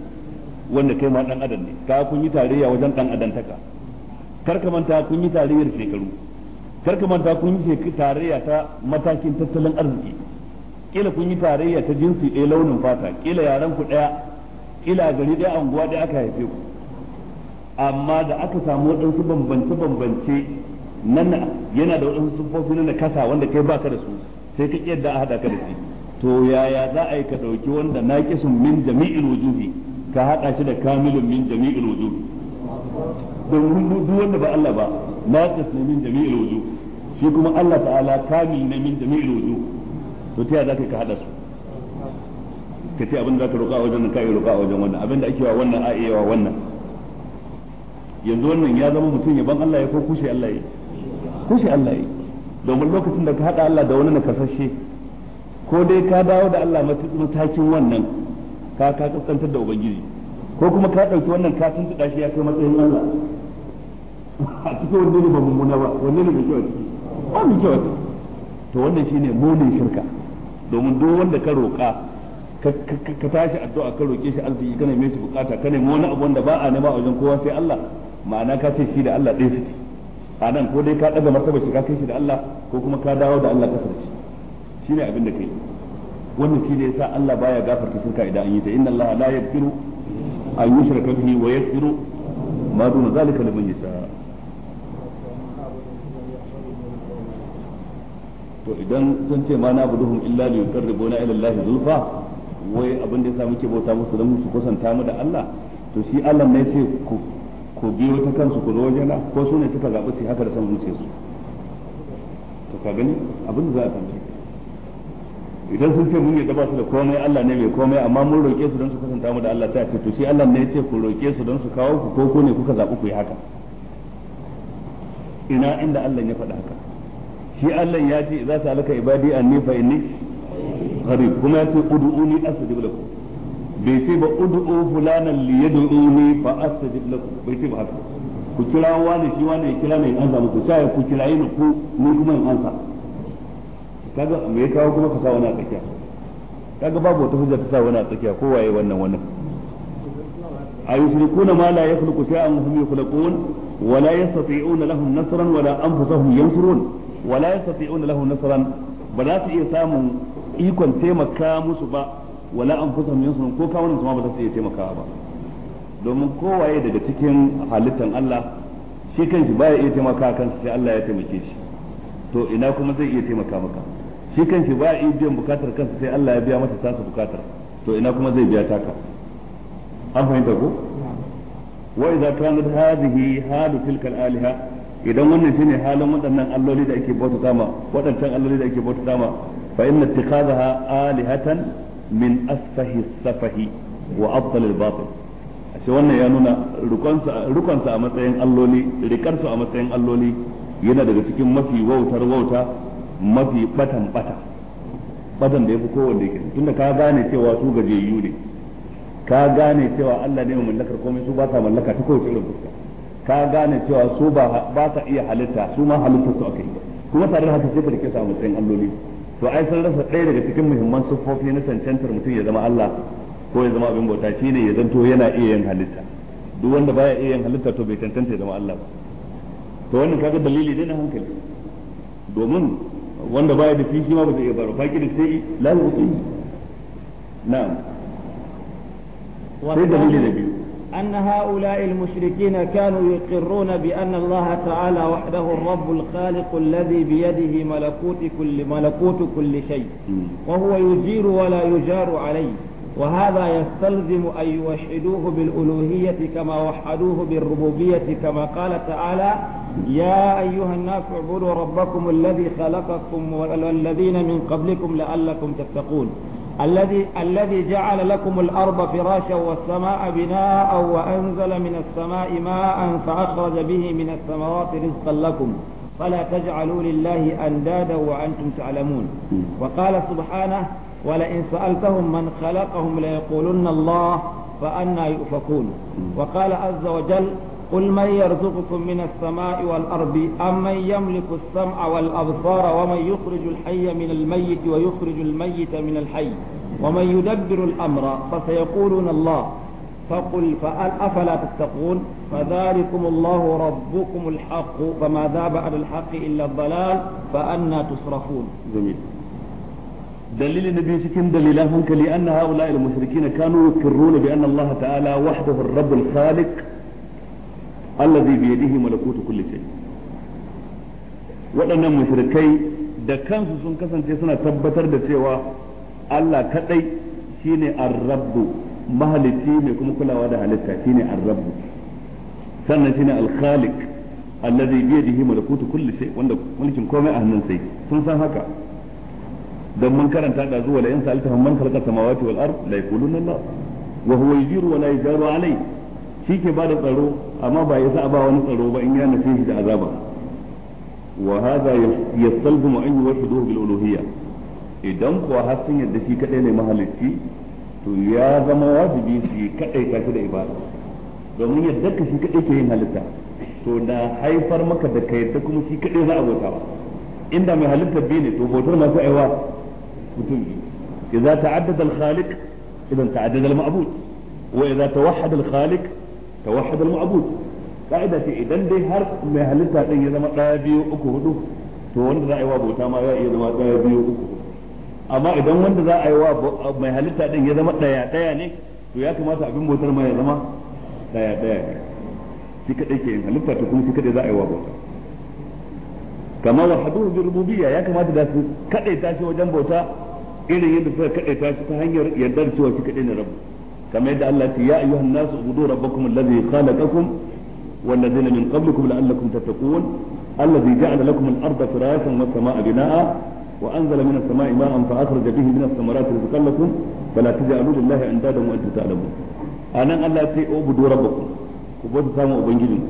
Speaker 1: wanda kai ma dan adam ne ka kun yi tarayya wajen dan adantaka kar ka manta kun yi tarayyar shekaru kar ka manta kun yi tarayya ta matakin tattalin arziki kila kun yi tarayya ta jinsi ɗaya launin fata kila yaran ku ɗaya ila gari ɗaya anguwa ɗaya aka haife ku amma da aka samu waɗansu bambance-bambance nan yana da waɗansu sufofi na kasa wanda kai baka da su sai ka yadda a haɗa ka da shi to yaya za a yi ka ɗauki wanda na kisun min jami'il wujuhi ka haɗa shi da kamilun min jami'in wujuhi don duk wanda ba Allah ba na kisun min jami'in wujuhi shi kuma Allah ta'ala kamil ne min jami'in wujuhi to ta yaya za ka haɗa su ka ce abin da ka roƙa a wajen ka yi roƙa a wajen wannan abin da ake wa wannan a iya wa wannan yanzu wannan ya zama mutum ya ban Allah ya ko kushe Allah ya kushe Allah ya domin lokacin da ka haɗa Allah da wani kasashe ko dai ka dawo da Allah matakin wannan ka ka kaskantar da ubangiji ko kuma ka ɗauki wannan ka tuntuɗa shi ya kai matsayin Allah a cikin wanda ne ba mummuna ba wanda ne mai kyau a ba mai kyau a ciki to wannan shine munin shirka domin duk wanda ka roƙa ka tashi addu'a ka roƙe shi arziki ka mai shi bukata ka nemi wani abu wanda ba a nema wajen kowa sai Allah ma'ana ka ce shi da Allah ɗaya suke a nan ko dai ka ɗaga martaba shi ka kai shi da Allah ko kuma ka dawo da Allah kasar shi shi ne abin da kai wannan shi ne ya sa Allah ba ya gafarta sun idan an yi ta inna Allah la yaghfiru an yushraka bihi wa yaghfiru ma duna zalika liman yasha to idan sun ce ma na buduhum illa li yuqarribuna ila Allah zulfa wai abin da yasa muke bauta musu don su kusanta mu da Allah to shi Allah ne sai ku ku biyo ta kansu ku zo wajena ko su ne suka zaɓi su haka da san su to ka gani abin da za a tantance idan sun ce mun yi ba su da komai Allah ne mai komai amma mun roƙe su don su kusanta mu da Allah ta ce to shi Allah ne ce ku roƙe su don su kawo ku ko ko ne kuka zaɓi ku yi haka ina inda Allah ya faɗa haka shi Allah ya ce za su alaka ibadi anni fa inni qarib kuma yace ud'uni astajib lakum bai ce ba ud'u fulanan li yad'uni fa astajib lakum bai ce ba haka ku kira wani shi wani ya kira mai ansa muku sai ku kira ni ku ni kuma in ansa kaga me ya kawo kuma ka sa wani a tsakiya kaga babu wata hujja ta sa wani a tsakiya ko waye wannan wannan ayushrikuna ma la yakhluqu shay'an wa hum yakhluqun su iya samun ikon taimaka musu ba wala an kusa min sun ko kawunan su ma ba za su iya taimakawa ba domin kowaye daga cikin halittan Allah shi kanshi baya iya taimaka kansa sai Allah ya taimake shi to ina kuma zai iya taimaka maka shi kanshi baya iya biyan bukatar kansa sai Allah ya biya masa tasa bukatar to ina kuma zai biya taka an fahimta ko wa idza kanat hadhihi halu tilkal aliha idan wannan shine halin waɗannan alloli da ake bauta dama waɗancan alloli da ake bauta dama fa inna ittikhadaha alihatan min asfahi safahi wa afdal al-batil ashe wannan ya nuna rukonsa a matsayin alloli rikarsu a matsayin alloli yana daga cikin mafi wautar wauta mafi batan bata batan da yafi fi kowanne yake tunda ka gane cewa su gajiyayyu ne ka gane cewa Allah ne mai mallakar komai su ba sa mallaka ta kowace irin fuska ka gane cewa su ba ba iya halitta su ma halitta su akai kuma tare da haka sai ka rike samu tsayin alloli to ai sun rasa ɗaya daga cikin muhimman siffofi na cancantar mutum ya zama Allah ko ya zama abin bauta ne ya zanto yana iya yin halitta duk wanda baya iya yin halitta to bai cancanta ya zama Allah ba to wannan kaga dalili ne na hankali domin wanda baya da shi ma ba zai iya baro faki da sai lahu na'am
Speaker 2: sai dalili da biyu أن هؤلاء المشركين كانوا يقرون بأن الله تعالى وحده الرب الخالق الذي بيده ملكوت كل ملكوت كل شيء وهو يجير ولا يجار عليه وهذا يستلزم أن يوحدوه بالألوهية كما وحدوه بالربوبية كما قال تعالى يا أيها الناس اعبدوا ربكم الذي خلقكم والذين من قبلكم لعلكم تتقون الذي الذي جعل لكم الأرض فراشا والسماء بناء وأنزل من السماء ماء فأخرج به من الثمرات رزقا لكم فلا تجعلوا لله أندادا وأنتم تعلمون وقال سبحانه ولئن سألتهم من خلقهم ليقولن الله فأنا يؤفكون وقال عز وجل قل من يرزقكم من السماء والأرض أم من يملك السمع والأبصار ومن يخرج الحي من الميت ويخرج الميت من الحي ومن يدبر الأمر فسيقولون الله فقل أفلا تتقون فذلكم الله ربكم الحق فما ذاب عن الحق إلا الضلال فأنا تصرفون
Speaker 1: جميل دليل النبي سكن دليلا لأن هؤلاء المشركين كانوا يقرون بأن الله تعالى وحده الرب الخالق Allah allazi bi yadihi malakutu kulli shay waɗannan mushrikai da kansu sun kasance suna tabbatar da cewa Allah kadai shine ar rabbu mahalici mai kuma kulawa da halitta shine ar rabbu sannan shine al-khaliq allazi bi yadihi malakutu kulli shay wanda mulkin komai a hannun sai sun san haka dan mun karanta da zuwa la in sa'altahum man khalaqa samawati wal ard la yaquluna Allah wa huwa yujiru wa la yujaru alayhi shi ke ba da tsaro amma ba ya sa ba wani tsaro ba in ya nufi shi da azaba wa hadha yasalbu an yuwahhiduhu bil uluhiyya idan kuwa har sun yadda shi kadai ne mahalicci to ya zama wajibi shi kadai ka shi da ibada domin yadda ka shi kadai ke yin halitta to da haifar maka da kai da kuma shi kadai za a bauta ba inda mai halitta biyu ne to bautar masu aiwa mutum idza ta'addada al-khaliq idan ta'addada al-ma'bud wa idza tawahhada al-khaliq tawahhud al-ma'bud ka'ida ce idan dai har mai halitta din ya zama daya biyu uku hudu to wanda za a yi ma ya iya zama daya biyu amma idan wanda za a yi wa mai halitta din ya zama daya daya ne to ya kamata abin bautar ma ya zama daya daya ne shi kadai ke halitta to kuma shi kadai za a yi wa bauta kama wa hadur bi ya kamata da su kadai tashi wajen bauta irin yadda suka kadai tashi ta hanyar yardar cewa shi kadai ne rabu kamar yadda Allah ya ayyuha an-nasu ubudu rabbakum alladhi khalaqakum wal ladina min qablikum la'allakum tattaqun alladhi ja'ala lakum al-ardha firasan was samaa'a binaa'a wa anzala minas samaa'i ma'an fa akhraja bihi minas thamarati rizqan lakum fala taj'alu lillahi andadan wa antum ta'lamun anan Allah ya ce ubudu rabbakum ku bauta samu ubangijin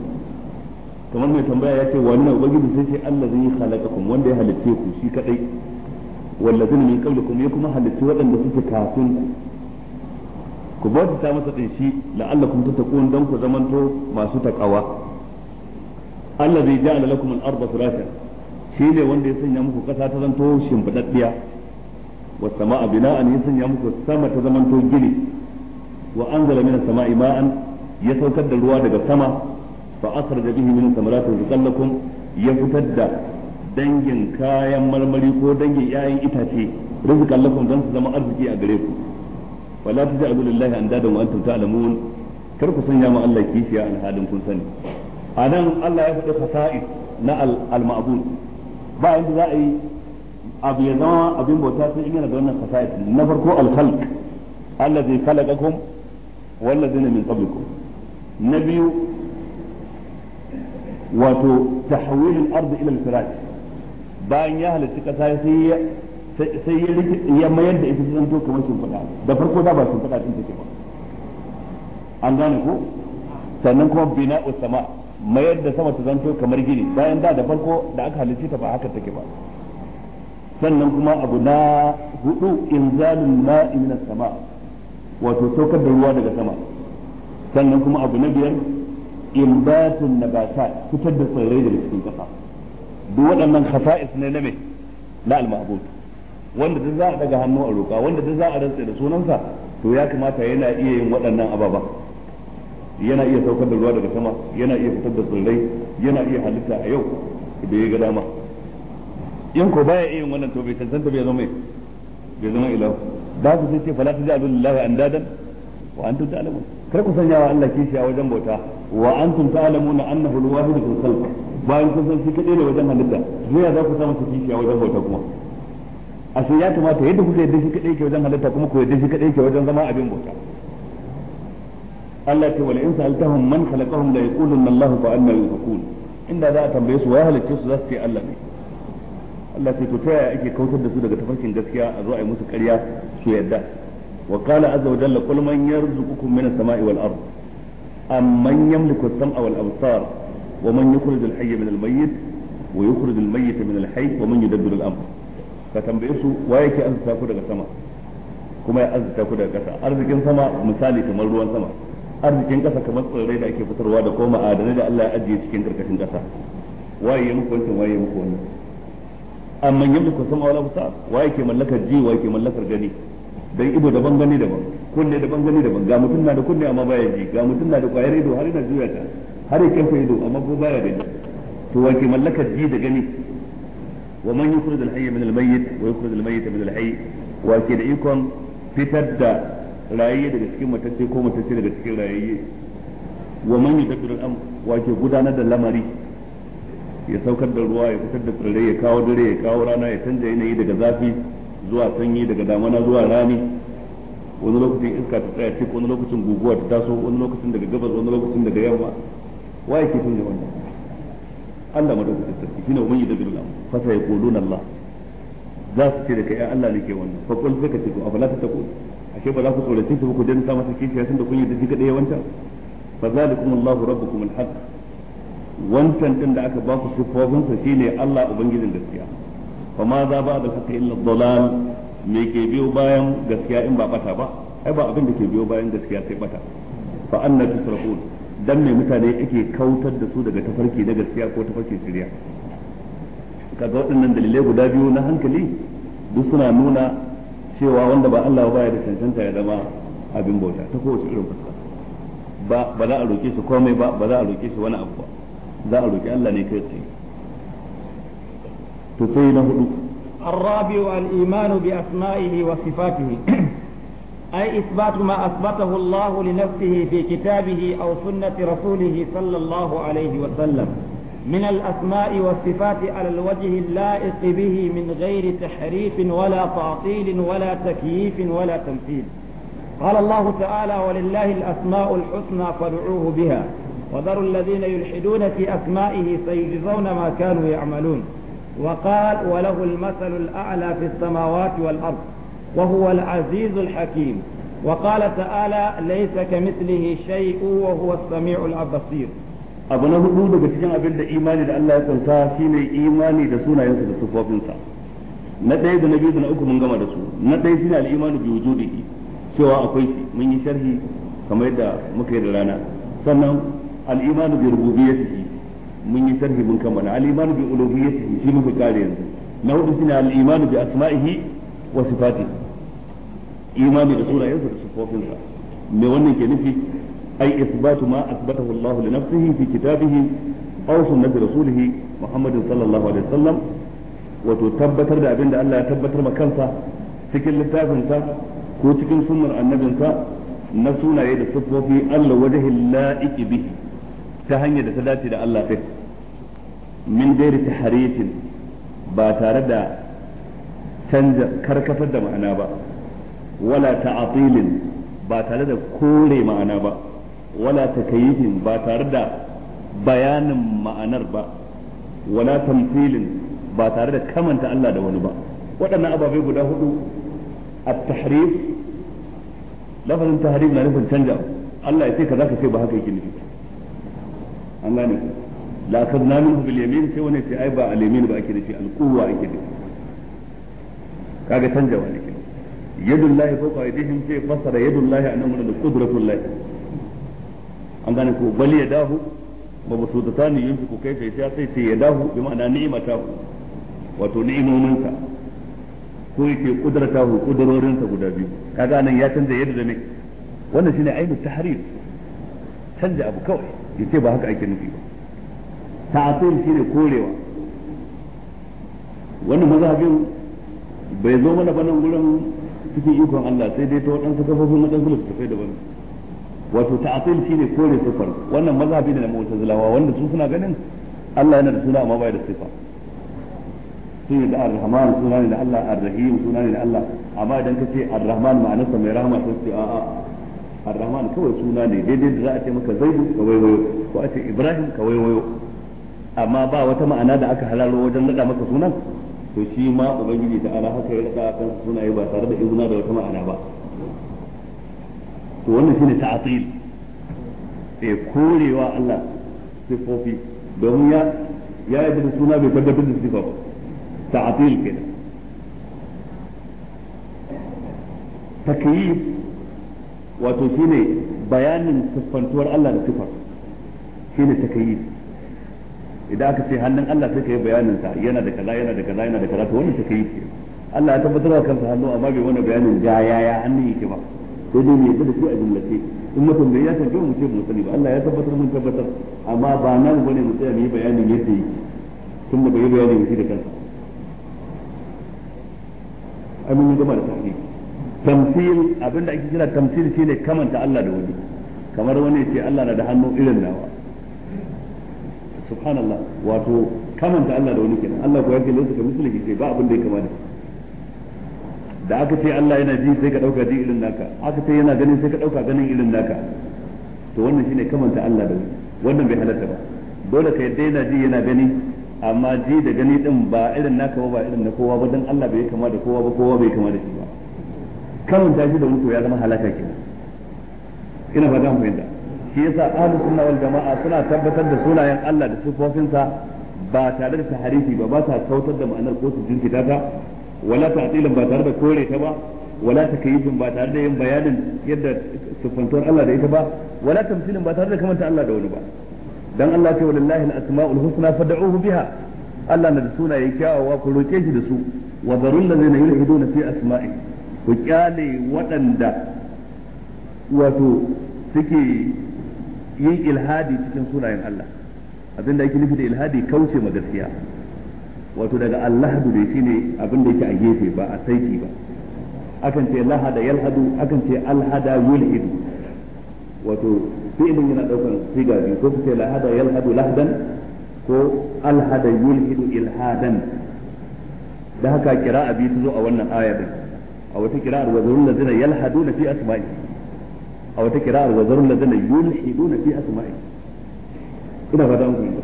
Speaker 1: kamar mai tambaya ya ce wannan ubangiji sai ce allazi khalaqakum wanda ya halitte ku shi kadai wallazina min qablikum ya kuma halitti waɗanda suke kafin ku ku bautata masa din shi la'allakum tattaqun dan ku zamanto masu takawa allazi ja'ala lakum al-ardha shi ne wanda ya sanya muku kasa ta zanto shimfidaddiya was sama'a bina'an ya sanya muku sama ta zamanto gini wa anzala minas sama'i ma'an ya saukar da ruwa daga sama fa asraja bihi min thamarati rizqan lakum ya fitar da dangin kayan marmari ko dangin 'ya'yan itace rizqan lakum dan su zama arziki a gare ku wala taj'alu lillahi andadan wa antum ta'lamun kar ku sanya ma Allah kishiya alhalin kun sani anan Allah ya faɗi fasa'id na al-ma'bud ba yanda za a yi abu ya zama abin bauta sai in yana da wannan fasa'id na farko al-khalq allazi khalaqakum wallazina min qablikum na biyu wato tahwil al-ard ila al-firash bayan ya halitta kasa sai sai ya mayar da ita zan to kamar shimfiɗa da farko da ba shimfiɗa din take ba an gane ko sannan kuma bina sama mayar da sama ta zanto kamar gini bayan da da farko da aka halice ta ba haka take ba sannan kuma abu na hudu inzalul ma'i minas sama wato saukar da ruwa daga sama sannan kuma abu na biyar imbatun nabata fitar da tsirrai daga cikin kasa duk waɗannan khasa'is ne na me na al-ma'bud wanda duk za a daga hannu a roƙa wanda duk za a rantsa da sunansa to ya kamata yana iya yin waɗannan ababa yana iya saukar da ruwa daga sama yana iya fitar da tsirrai yana iya halitta a yau da ya ga dama in ko baya iya yin wannan to bai cancanta bai zama bai zama ilahu ba su sai ce fala ta ja'alu lillahi andadan wa antum ta'lamun kar ku sanya wa Allah kishi a wajen bauta wa antum ta'lamuna annahu al-wahid fil khalq bayan kun san shi kadai ne wajen halitta me za ku sa masa kishi a wajen bauta kuma ashe ya kamata yadda kuka yadda shi kadai ke wajen halitta kuma ku yadda shi kadai ke wajen zama abin bauta Allah ce wala in sa'altahum man khalaqahum la yaqulunna Allah fa anna yufakun inda za a tambaye su wai halicce su za su ce Allah ne Allah ce to ta yaya ake kautar da su daga tafarkin gaskiya a zo a yi musu ƙarya su yadda wa qala azza wa jalla qul man yarzuqukum minas sama'i wal ard amman yamliku as-sam'a wal absar wa man yukhrij al-hayya min al-mayyit wa yukhrij al-mayyita min al-hayy wa man yudabbiru al-amr ka tambaye su waye yake azurta ku daga sama kuma ya azurta ku daga ƙasa arzikin sama misali kamar ruwan sama arzikin ƙasa kamar tsirrai da ake fitarwa da kuma ma'adanai da Allah ya ajiye cikin karkashin ƙasa waye ya muku wancan waye ya muku wannan amma yanda ku sama wala kusa waye ke mallakar ji waye ke mallakar gani dan ido daban gani daban kunne daban gani daban ga mutum na da kunne amma baya ji ga mutum na da kwayar ido har yana juya ta har ya kanta ido amma ko baya gani to yake mallakar ji da gani wa man yukhrij al min al-mayyit wa yukhrij al-mayyit min al-hayy da ikon fitar da rayayye daga cikin matacce ko matacce daga cikin rayayye wa man yudabbiru al-amr wa gudanar da lamari ya saukar da ruwa ya fitar da ya kawo dare ya kawo rana ya canza yanayi daga zafi zuwa sanyi daga damana zuwa rani wani lokacin iska ta tsaya cik wani lokacin guguwa ta taso wani lokacin daga gabas wani lokacin daga yamma wa yake canja wannan Allah madaukakin sarki shine wani da bin lamu fa sai yaquluna Allah za su ce Allah wannan fa qul zaka ce ta ashe ba za ku tsorace shi ba ku dan kun shi kadai wancan fa zalikum Allahu rabbukum wancan din da aka ba ku sifofin sa shine Allah ubangijin gaskiya fa ma za ba da illa me ke biyo bayan gaskiya in ba bata ba ai ba abin da ke biyo bayan gaskiya sai bata fa dan mai mutane ake kautar da su daga tafarki na gaskiya ko tafarki shirya kaga waɗannan dalilai guda biyu na hankali duk suna nuna cewa wanda ba Allah ba ya da cancanta ya zama abin bauta ta kowace irin fuska ba ba za a roke shi komai ba ba za a roke shi wani abu ba za a roki Allah ne kai tsaye to sai na hudu
Speaker 2: الرابع الإيمان بأسمائه وصفاته أي إثبات ما أثبته الله لنفسه في كتابه أو سنة رسوله صلى الله عليه وسلم من الأسماء والصفات على الوجه اللائق به من غير تحريف ولا تعطيل ولا تكييف ولا تمثيل قال الله تعالى ولله الأسماء الحسنى فادعوه بها وذروا الذين يلحدون في أسمائه سيجزون ما كانوا يعملون وقال وله المثل الأعلى في السماوات والأرض وهو العزيز الحكيم وقال تعالى ليس كمثله شيء وهو السميع البصير abu na hudu daga cikin abin
Speaker 1: da imani da Allah ya kunsa shine imani da sunayensa da sifofinsa na ɗaya da na biyu da na uku mun gama da su na ɗaya shine al-imanu bi wujudihi cewa akwai shi mun yi sharhi kamar yadda muka yi da rana sannan al-imanu bi rububiyyatihi mun yi sharhi mun kammala al-imanu bi uluhiyyatihi shi muka kare yanzu na hudu shine al-imanu bi asma'ihi wa fati imani da sunayensa da sifofinsa me wannan ke nufi ai isbatu ma asbatahu Allah li nafsihi fi kitabihi aw sunnati rasulih Muhammad sallallahu alaihi wasallam wato tabbatar da abinda Allah ya tabbatar ma kansa cikin littafinsa ko cikin sunnar annabinsa na sunaye da siffofi Allah wajhi la'iki bihi ta hanyar da ta dace da Allah sai min gairi tahrifin ba tare da canja karkatar da ma'ana ba wala ta'atilin ba tare da kore ma'ana ba wala takayyufin ba tare da bayanin ma'anar ba wala tamthilin ba tare da kamanta Allah da wani ba waɗannan ababai guda hudu at-tahrif lafazin tahrif na nufin canja Allah ya ce kaza ka ce ba haka yake nufi an gane la kadna minhu bil yamin sai wani sai ai ba al yamin ba ake nufi al quwwa ake nufi kaga canjawa ne lahi ko kawai dai sai fasara a anan wani da lahi an gane ko bal yadahu ta ni yunfiqu ku kai sai sai ce yadahu bi ma'ana ku, wato ni'imominsa ko yake qudratahu qudurorinsa guda biyu kaga nan ya canza yadda da ne wannan shine ainu tahrir canza abu kawai yace ba haka ake nufi ba ta'atil shine korewa wannan mazhabin bai zo mana ba nan gurin cikin ikon Allah sai dai ta waɗansu kafofin waɗansu da daban wato ta'atil shine kore sifar wannan mazhabi ne na mu'tazilawa wanda su suna ganin Allah yana da suna amma bai da sifa sun da ar-rahman suna ne da Allah ar-rahim suna ne da Allah amma idan ka ce ar-rahman ma'anarsa mai rahama sai ce a'a ar-rahman kawai suna ne daidai da za a ce maka zaidu ka waiwayo ko a ce ibrahim ka waiwayo amma ba wata ma'ana da aka halalo wajen nada maka sunan to shi ma ubangiji ta ala haka ya rada kan sunaye ba tare da izina da wata ma'ana ba to wannan shine ta'til eh korewa Allah sifofi domin ya ya yi da suna bai tabbatar da sifa ba ta'til kenan takyif wato shine bayanin siffantuwar Allah da sifar shine takyif idan aka ce hannun Allah sai ka yi bayaninsa yana da kaza yana da kaza yana da kaza to wannan take yi ke Allah ya tabbatar da kansa hannu amma bai wani bayanin ga ya hannun yake ba sai dai mai da shi a jumlace in mutum bai ya tanke mu ce mu sani ba Allah ya tabbatar mun tabbatar amma ba nan bane mu tsaya mu yi bayanin yadda yake tun da bai yi bayanin shi da kansa amin gama da tafi tamsil abinda ake kira tamsil shine kamanta Allah da wani kamar wani ya ce Allah na da hannu irin nawa subhanallah wato kamanta Allah da wani kenan Allah ko yake ka misali sai ba abin da ya kama da da aka ce Allah yana ji sai ka dauka ji irin naka aka ce yana ganin sai ka dauka ganin irin naka to wannan shine kamanta Allah da wannan bai halatta ba dole ka yadda yana ji yana gani amma ji da gani din ba irin naka ba ba irin na kowa ba dan Allah bai kama da kowa ba kowa bai kama da shi ba kamanta shi da mutu ya zama halaka kenan ina fata mu fahimta shi yasa ahlus sunna wal jama'a suna tabbatar da sunayen Allah da sifofinsa ba tare da taharifi ba ba ta kautar da ma'anar ko su jinkita ta wala ta'tilan ba tare da kore ta ba wala takyifin ba tare da yin bayanin yadda sifantuwar Allah da ita ba wala tamsilin ba tare da kamanta Allah da wani ba dan Allah ce walillahi al-asma'ul husna fad'uhu biha Allah na da sunaye kyawawa ku roke shi da su wa zarul ladzina yulhiduna fi asma'i ku kyale waɗanda wato suke yin ilhadi cikin sunayen Allah abin da yake nufi da ilhadi kauce ma gaskiya wato daga allahadu da shine abin da yake a gefe ba a saiti ba akan ce lahada yalhadu akan ce alhada yulhidu wato fi'ilin yana daukan siga biyu ko ce lahada yalhadu lahdan ko alhada yulhidu ilhadan da haka kira'a biyu ta zo a wannan aya din a wata kira'ar wa zurul ladina yalhaduna fi asma'i a wata kira'ar wa zarul ladina yulhiduna fi ma'aiki ina fata an kuma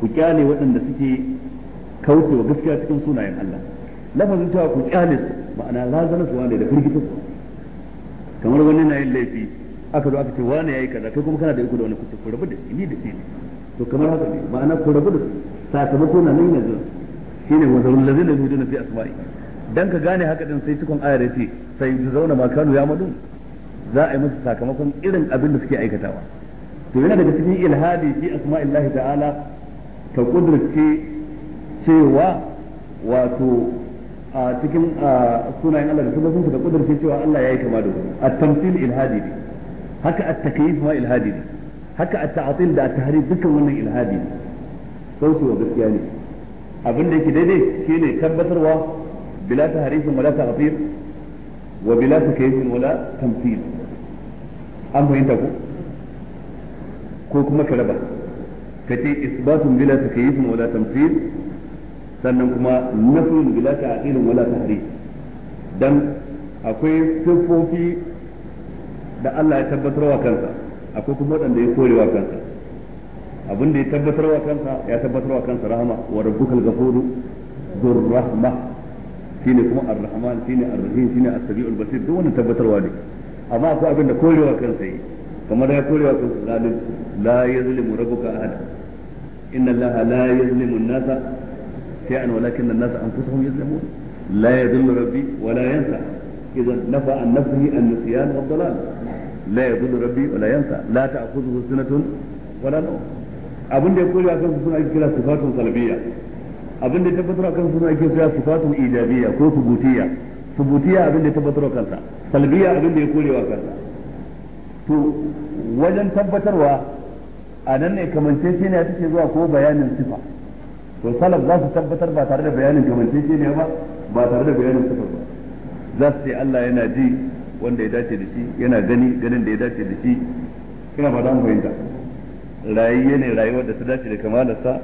Speaker 1: ku kyale waɗanda suke wa gaskiya cikin sunayen Allah lafazin cewa ku kyale su ma'ana lazana su wane da firgita su kamar wani na yin laifi aka zo aka ce wane yayi kaza kai kuma kana da iko da wani kuce ku rabu da shi ni da shi ne to kamar haka ne ma'ana ku rabu da su sakamako na nan yanzu shine wa na ladina yulhiduna fi asma'i dan ka gane haka din sai cikon ayar yace sai zauna ma ya madu za a yi musu sakamakon irin abin da suke aikatawa to yana daga cikin ilhadi fi asma'illahi ta'ala ka kudurce cewa wato a cikin sunayen Allah da sunan da kudurce cewa Allah ya yi kama da wani a tamthil ilhadi ne haka a takyif ma ilhadi ne haka a tatil da a tahrif dukkan wannan ilhadi ne sauki wa gaskiya ne abin da yake daidai shine tabbatarwa bila tahrifin wala ta'til wa bila takyifin wala tamthil an fahimta ko ko kuma ka raba ka ce isbatun bila takyifin wala tamthil sannan kuma nafyun bila ta'dilin wala tahrif dan akwai sifofi da Allah ya tabbatarwa kansa akwai kuma waɗanda ya korewa kansa abin da ya tabbatarwa kansa ya tabbatarwa kansa rahama wa rabbukal ghafuru dur rahma shine kuma ar-rahman shine ar-rahim shine as-sami'ul basir duk wannan tabbatarwa ne amma akwai abin da korewa kansa yi kamar ya korewa kansa zalim la yazlimu rabbuka ahada inna allaha la yazlimu an-nasa shay'an walakin an-nasa anfusuhum yazlimun la yazlimu rabbi wa la yansa idan nafa an nafsihi an-nisyan wa dalal la yazlimu rabbi wa la yansa la ta'khudhuhu sunatun wa la nawm abin da ya korewa kansa suna kira sifatun salbiyya abin da ya tabbatar kansa suna kira sifatun ijabiyya ko kubutiyya subutiya abin da ya tabbatar kansa salbiya abin da ya wa kansa to wajen tabbatarwa a nan ne kamanceceniya take zuwa ko bayanin sifa to salaf za su tabbatar ba tare da bayanin kamanceceniya ba ba tare da bayanin sifa ba za su ce Allah yana ji wanda ya dace da shi yana gani ganin da ya dace da shi kina ba za mu fahimta rayuwa ne rayuwar da ta dace da kamalarsa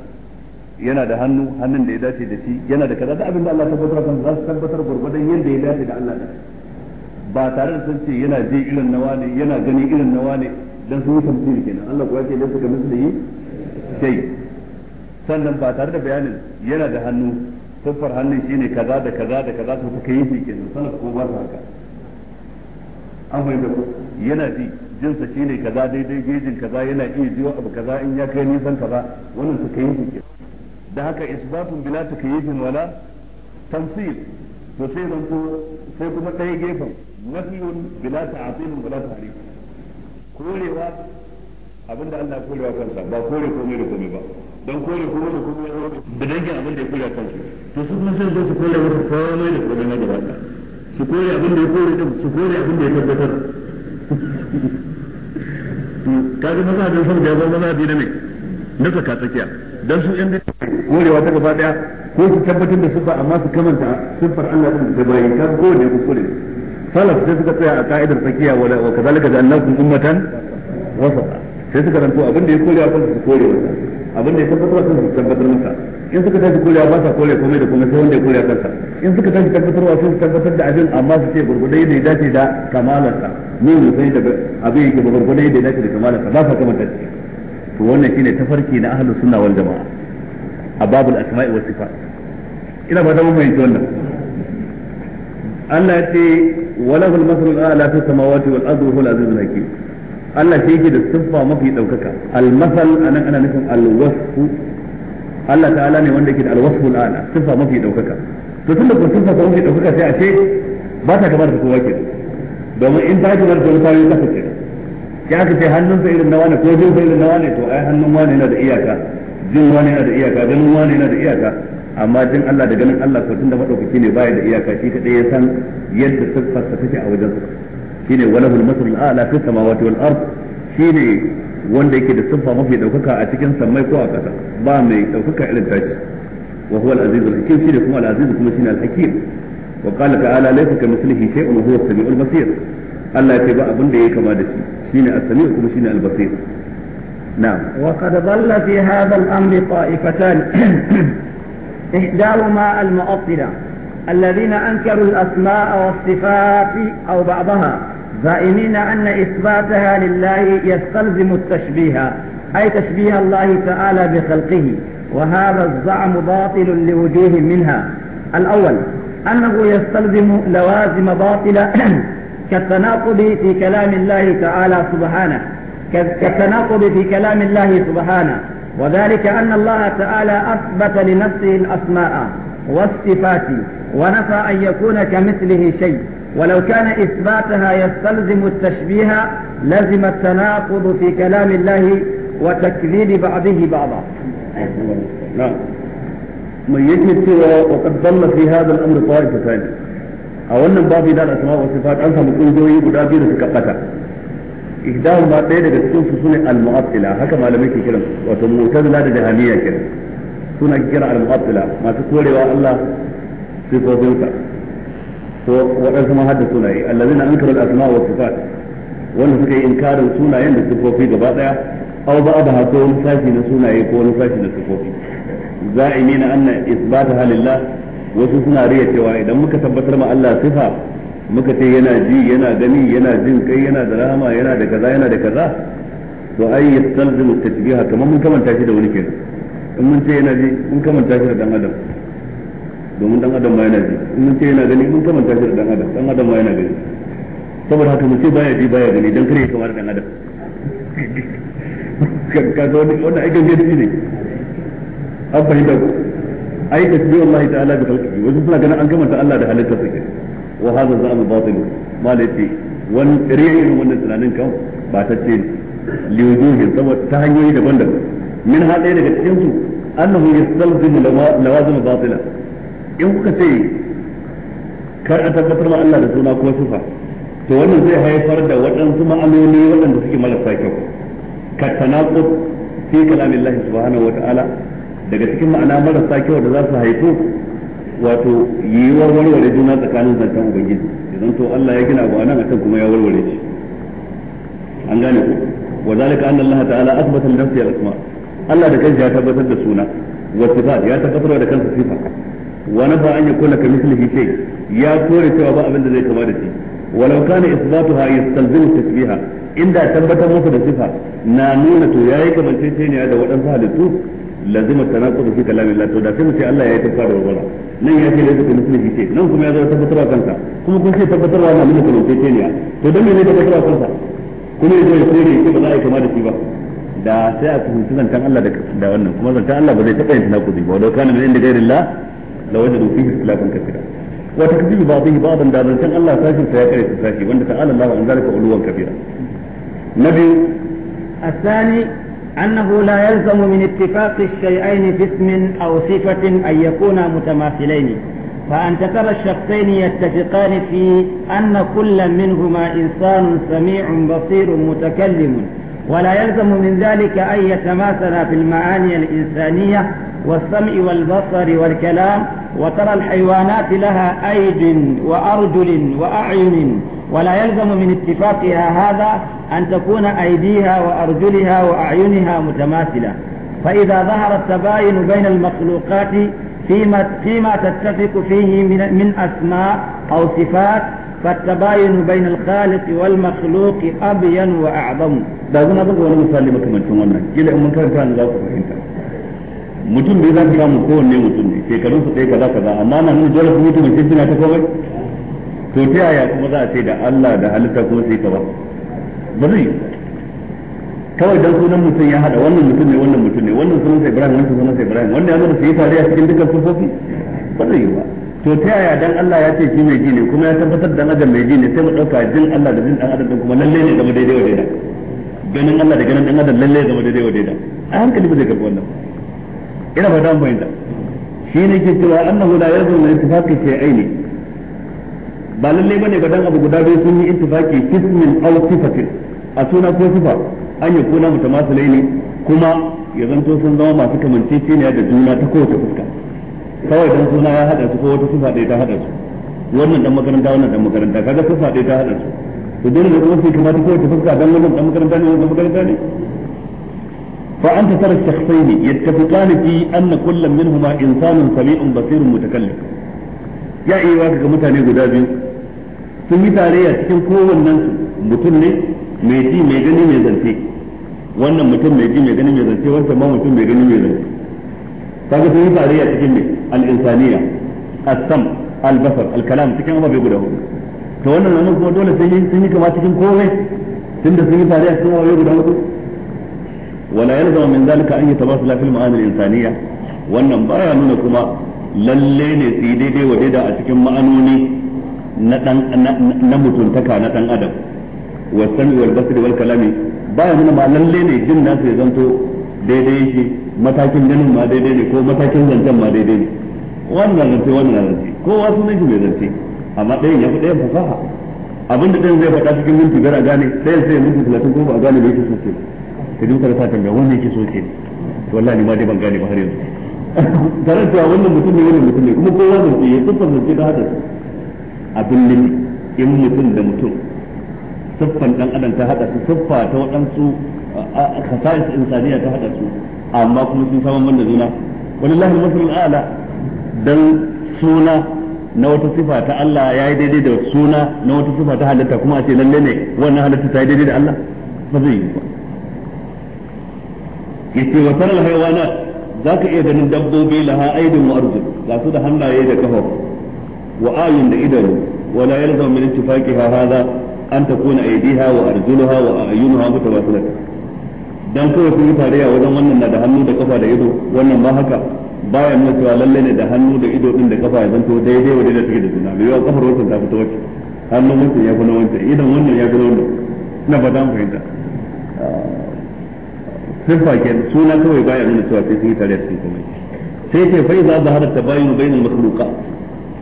Speaker 1: yana da hannu hannun da ya dace da shi yana da kaza da abin da Allah tabbatar kan za su tabbatar gurgurdan yadda ya dace da Allah da ba tare da sun ce yana je irin nawa ne yana gani irin nawa ne dan sun tambaye kenan Allah kuwa ce da su da yi sai sannan ba tare da bayanin yana da hannu tuffar hannun shine kaza da kaza da kaza to take yi kenan sanan ko ba haka an fahimta ko yana ji jinsa shine kaza daidai gejin kaza yana iya jiwa abu kaza in ya kai nisan kaza wannan take yi kenan da haka isbatun bila takyifin wala tamsil to sai ko sai kuma ɗaya gefen nafiyun bila ta'atilin wala tahrif korewa abinda Allah korewa kansa ba kore komai da komai ba don kore komai da komai da dangin abinda ya kore kansa to su kuma sai su kore masa komai da komai na gaba su kore abinda ya kore din su kore abinda ya tabbatar kaga masa da ya zama masadi na mai na tsaka tsakiya dan su yan bid'a korewa ta gaba daya ko su tabbatar da sifa amma su kamanta sifar Allah din da bayin ka ko ne kure salaf sai suka tsaya a ka'idar tsakiya wala wa kazalika ja'alnakum ummatan wasata sai suka ranto abin da ya a kansu su kore masa abin da ya tabbatar kansu su tabbatar masa in suka tashi kore ba sa kore komai da komai sai wanda ya kore kansa in suka tashi tabbatar sai su tabbatar da abin amma su ce gurgudai da ya dace da kamalarsa ne mu sai da abin yake gurgudai da ya dace da kamalarsa ba sa kamanta shi to wannan shine tafarki na ahlus sunna wal jamaa a babul asma'i was sifat ina ba da mun fahimci wannan Allah ya ce walahul masalul a'la fis samawati wal ardi wa huwal azizul hakim Allah shi yake da siffa mafi daukaka al masal anan ana nufin al wasfu Allah ta'ala ne wanda yake da al wasful a'la siffa mafi daukaka to tunda ko siffa mafi daukaka sai ashe ba ta kamar ta kowa kenan domin in ta kamar da kowa ta yi kasa kenan ya aka ce hannunsa irin na wane ko jinsa irin na wane to ai hannun wane yana da iyaka jin wane yana da iyaka ganin wane yana da iyaka amma jin Allah da ganin Allah ko tunda madaukaki ne baya da iyaka shi kadai ya san yadda siffarsa take a wajensa shine walahul masrul a'la fis samawati wal ard shine wanda yake da siffa mafi daukaka a cikin sammai ko a kasa ba mai daukaka irin tashi wa huwa al-azizul hakim shine kuma al-aziz kuma shine al-hakim wa qala ta'ala laysa kamithlihi shay'un wa huwa as-sami'ul basir Allah ya ce ba abin da yake kama da shi shine السميع sami kuma shine نعم
Speaker 2: وقد ضل في هذا الأمر طائفتان إحداهما المعطلة الذين أنكروا الأسماء والصفات أو بعضها زائمين أن إثباتها لله يستلزم التشبيه أي تشبيه الله تعالى بخلقه وهذا الزعم باطل لوجوه منها الأول أنه يستلزم لوازم باطلة كالتناقض في كلام الله تعالى سبحانه كالتناقض في كلام الله سبحانه وذلك أن الله تعالى أثبت لنفسه الأسماء والصفات ونفى أن يكون كمثله شيء ولو كان إثباتها يستلزم التشبيه لزم التناقض في كلام الله وتكذيب بعضه بعضا
Speaker 1: نعم من يجد سوى وقد ضل في هذا الأمر طائفتان a wannan babu da asma wa sifat an samu kungiyoyi guda biyu da suka bata ihdahu ma ɗaya daga cikin su sune al-mu'attila haka malamai ke kiran wato mu'tazila da jahamiyya kenan suna kira al-mu'attila masu korewa Allah sa
Speaker 2: ko waɗansu ma hadda sunaye allazina ankara al-asma wa sifat
Speaker 1: wanda suka yi inkarin sunayen da sifofi gaba daya aw ba'daha ko wani sashi na sunaye ko wani sashi na sifofi za'imina anna isbataha lillah wasu suna riya cewa idan muka tabbatar ma Allah sifa muka ce yana ji yana gani yana jin kai yana da rahama yana da kaza yana da kaza to ai yastalzimu tashbiha kamar mun kamanta shi da wani kenan in mun ce yana ji mun kamanta shi da dan adam domin dan adam ma yana ji in mun ce yana gani mun kamanta shi da dan adam dan adam ma yana gani saboda haka mun ce baya ji baya gani dan kare kamar dan adam ka ka wani wannan aikin gaci ne an fahimta ko ai tasbih Allah ta'ala bi khalqihi wasu suna ganin an kamanta Allah da halitta sa wa hadha za'am batil ma la ce wani irin wannan tunanin kan ba ta ce liwujuhin saboda ta hanyoyi daban-daban min ha ɗaya daga cikin su annahu yastalzimu lawazim batila in kuka ce kar a tabbatar ma Allah da suna ko sifa to wannan zai haifar da waɗansu ma'anoni waɗanda suke marasa kyau ka tanaqub fi kalamillahi subhanahu wa ta'ala daga cikin ma'ana marasa kyau da za su haifu wato yiwuwar warware juna tsakanin zancen ubangiji idan to Allah ya gina abu anan a can kuma ya warware shi an gane ku wa zalika anna Allah ta'ala athbata li nafsihi al-asma Allah da kansa ya tabbatar da suna wa sifat ya tabbatar da kansa sifa wa nafa an yakuna ka mislihi shay ya kore cewa ba abin da zai kama da shi walau kana ithbatuha yastalzimu tashbiha inda tabbatar masa da sifa na nuna to yayi kamanceceniya da waɗansu halittu lazima tanaqud fi kalam Allah to da sai mu ce Allah ya yi tafka da wazara nan ya ce laysa ka mislihi shay nan kuma ya zo tabbatarwa kansa kuma kun ce tabbatarwa na nuna kamar sai ne to dan me ne tabbatarwa kansa kuma ya zo ya tsere ce ba za a yi kama da shi ba da sai a fahimci zancen Allah da wannan kuma zancen Allah ba zai taɓa yin tanaqudi ba wadau kana min inda gairin la la wajadu fihi ikhtilafan kathira wa takzibu ba'dihi ba'dan da zancen Allah sashin ta ya kare sashi wanda ta'ala Allah an zalika uluwan kabira
Speaker 2: Nabi. biyu الثاني أنه لا يلزم من اتفاق الشيئين في اسم أو صفة أن يكونا متماثلين فأنت ترى الشخصين يتفقان في أن كل منهما إنسان سميع بصير متكلم ولا يلزم من ذلك أن يتماثلا في المعاني الإنسانية والسمع والبصر والكلام وترى الحيوانات لها أيد وأرجل وأعين ولا يلزم من اتفاقها هذا أن تكون أيديها وأرجلها وأعينها متماثلة فإذا ظهر التباين بين المخلوقات فيما, فيما تتفق فيه من, من أسماء أو صفات فالتباين بين الخالق والمخلوق أبين وأعظم
Speaker 1: دعونا بقى ولا مسالي بك من تنوانا جل كان كان لا أفضل حينتا متن بيزان كان مكون نيو متن سيكالون سيكالا كذا أمانا هنو جولة كميتو من تنسينا تكوغي to ta yaya kuma za a ce da Allah da halitta kuma sai ta ba ba zai kawai dan sunan mutum ya hada wannan mutum ne wannan mutum ne wannan sunan sai Ibrahim wannan sunan sai Ibrahim wannan ya zama sai tare a cikin dukkan sufofi ba zai yi ba to ta yaya dan Allah ya ce shi mai ji ne kuma ya tabbatar da adam mai ji ne sai mu dauka jin Allah da jin dan adam kuma lalle ne gaba daidai wa daidai ganin Allah da ganin dan adam lalle gaba daidai wa daidai a hankali ba zai karbi wannan ina ba dan bayyana shi ne ke cewa annahu la yarzu min ittifaqi shay'aini ba lallai bane ga dan abu guda biyu sun yi intifaki ismin aw sifatin a suna ko sifa an yi kuna mutamasilai ne kuma ya zanto sun zama masu kamanceceniya da juna ta kowace fuska kawai dan suna ya hada su ko wata sifa ɗaya ta hada su wannan dan makaranta wannan dan makaranta kaga sifa ɗaya ta hada su to dole ne kuma sai kamata kowace fuska dan wannan dan makaranta ne wannan dan makaranta ne fa tara فأنت ترى الشخصين يتفقان في أن كل منهما إنسان سميع بصير متكلم يا mutane guda biyu. sun yi tarayya cikin kowannen mutum ne mai ji mai gani mai zance wannan mutum mai ji mai gani mai zance wancan ma mutum mai gani mai zance kaga sun yi tarayya cikin ne al-insaniya as-sam al-basar al-kalam cikin ababe guda hudu to wannan nan kuma dole sai sun yi kama cikin komai tunda sun yi tarayya cikin ababe guda hudu wala yalzamu min zalika an yatabasala fil ma'ani al-insaniya wannan baya nuna kuma lalle ne su yi daidai wa daida a cikin ma'anoni na mutuntaka na dan adam wa sami wal basri wal kalami baya nuna ba lalle ne jin nasu ya zanto daidai yake matakin ganin ma daidai ne ko matakin zancen ma daidai ne wannan zance wannan zance ko wasu ne shi mai zance amma ɗayan ya fi ɗayan fasaha abin da ɗayan zai faɗa cikin minti biyar a gane ɗayan sai minti talatin ko ba a gane ba yake so ce ka ji mutane sa tambaya wanda yake so ce wallahi ma dai ban gane ba har yanzu tare cewa wannan mutum ne wannan mutum ne kuma kowa zance ya siffar zance da hada su abin nufi in mutum da mutum siffan dan adam ta hada su siffa ta waɗansu kasayis insaniya ta hada su amma kuma sun samu banda juna wallahi al-masal ala dan suna na wata sifa ta Allah ya yi daidai da suna na wata sifa ta halitta kuma a ce lalle ne wannan halitta ta yi daidai da Allah ba zai yi ba yace wa taral haywana zaka iya ganin dabbobi laha aidin wa arjul ga su da hannaye da kafafu wa ayun da idanu wa la yalzamu min ittifaqiha hadha an takuna aydiha wa arjuluha wa ayunuha mutawasilatan dan kawai sun yi tarayya wajen wannan na da hannu da kafa da ido wannan ba haka baya nuna cewa lalle ne da hannu da ido din da kafa ya zanto daidai wa daidai take da juna bai yawa kafar wancan ta fito wacce hannun wancan ya fi na wancan idan wannan ya fi na wannan ina ba dan fahimta siffa ke suna kawai baya nuna cewa sai sun yi tarayya cikin komai sai ce fa iza zahara tabayun bainal makhluqat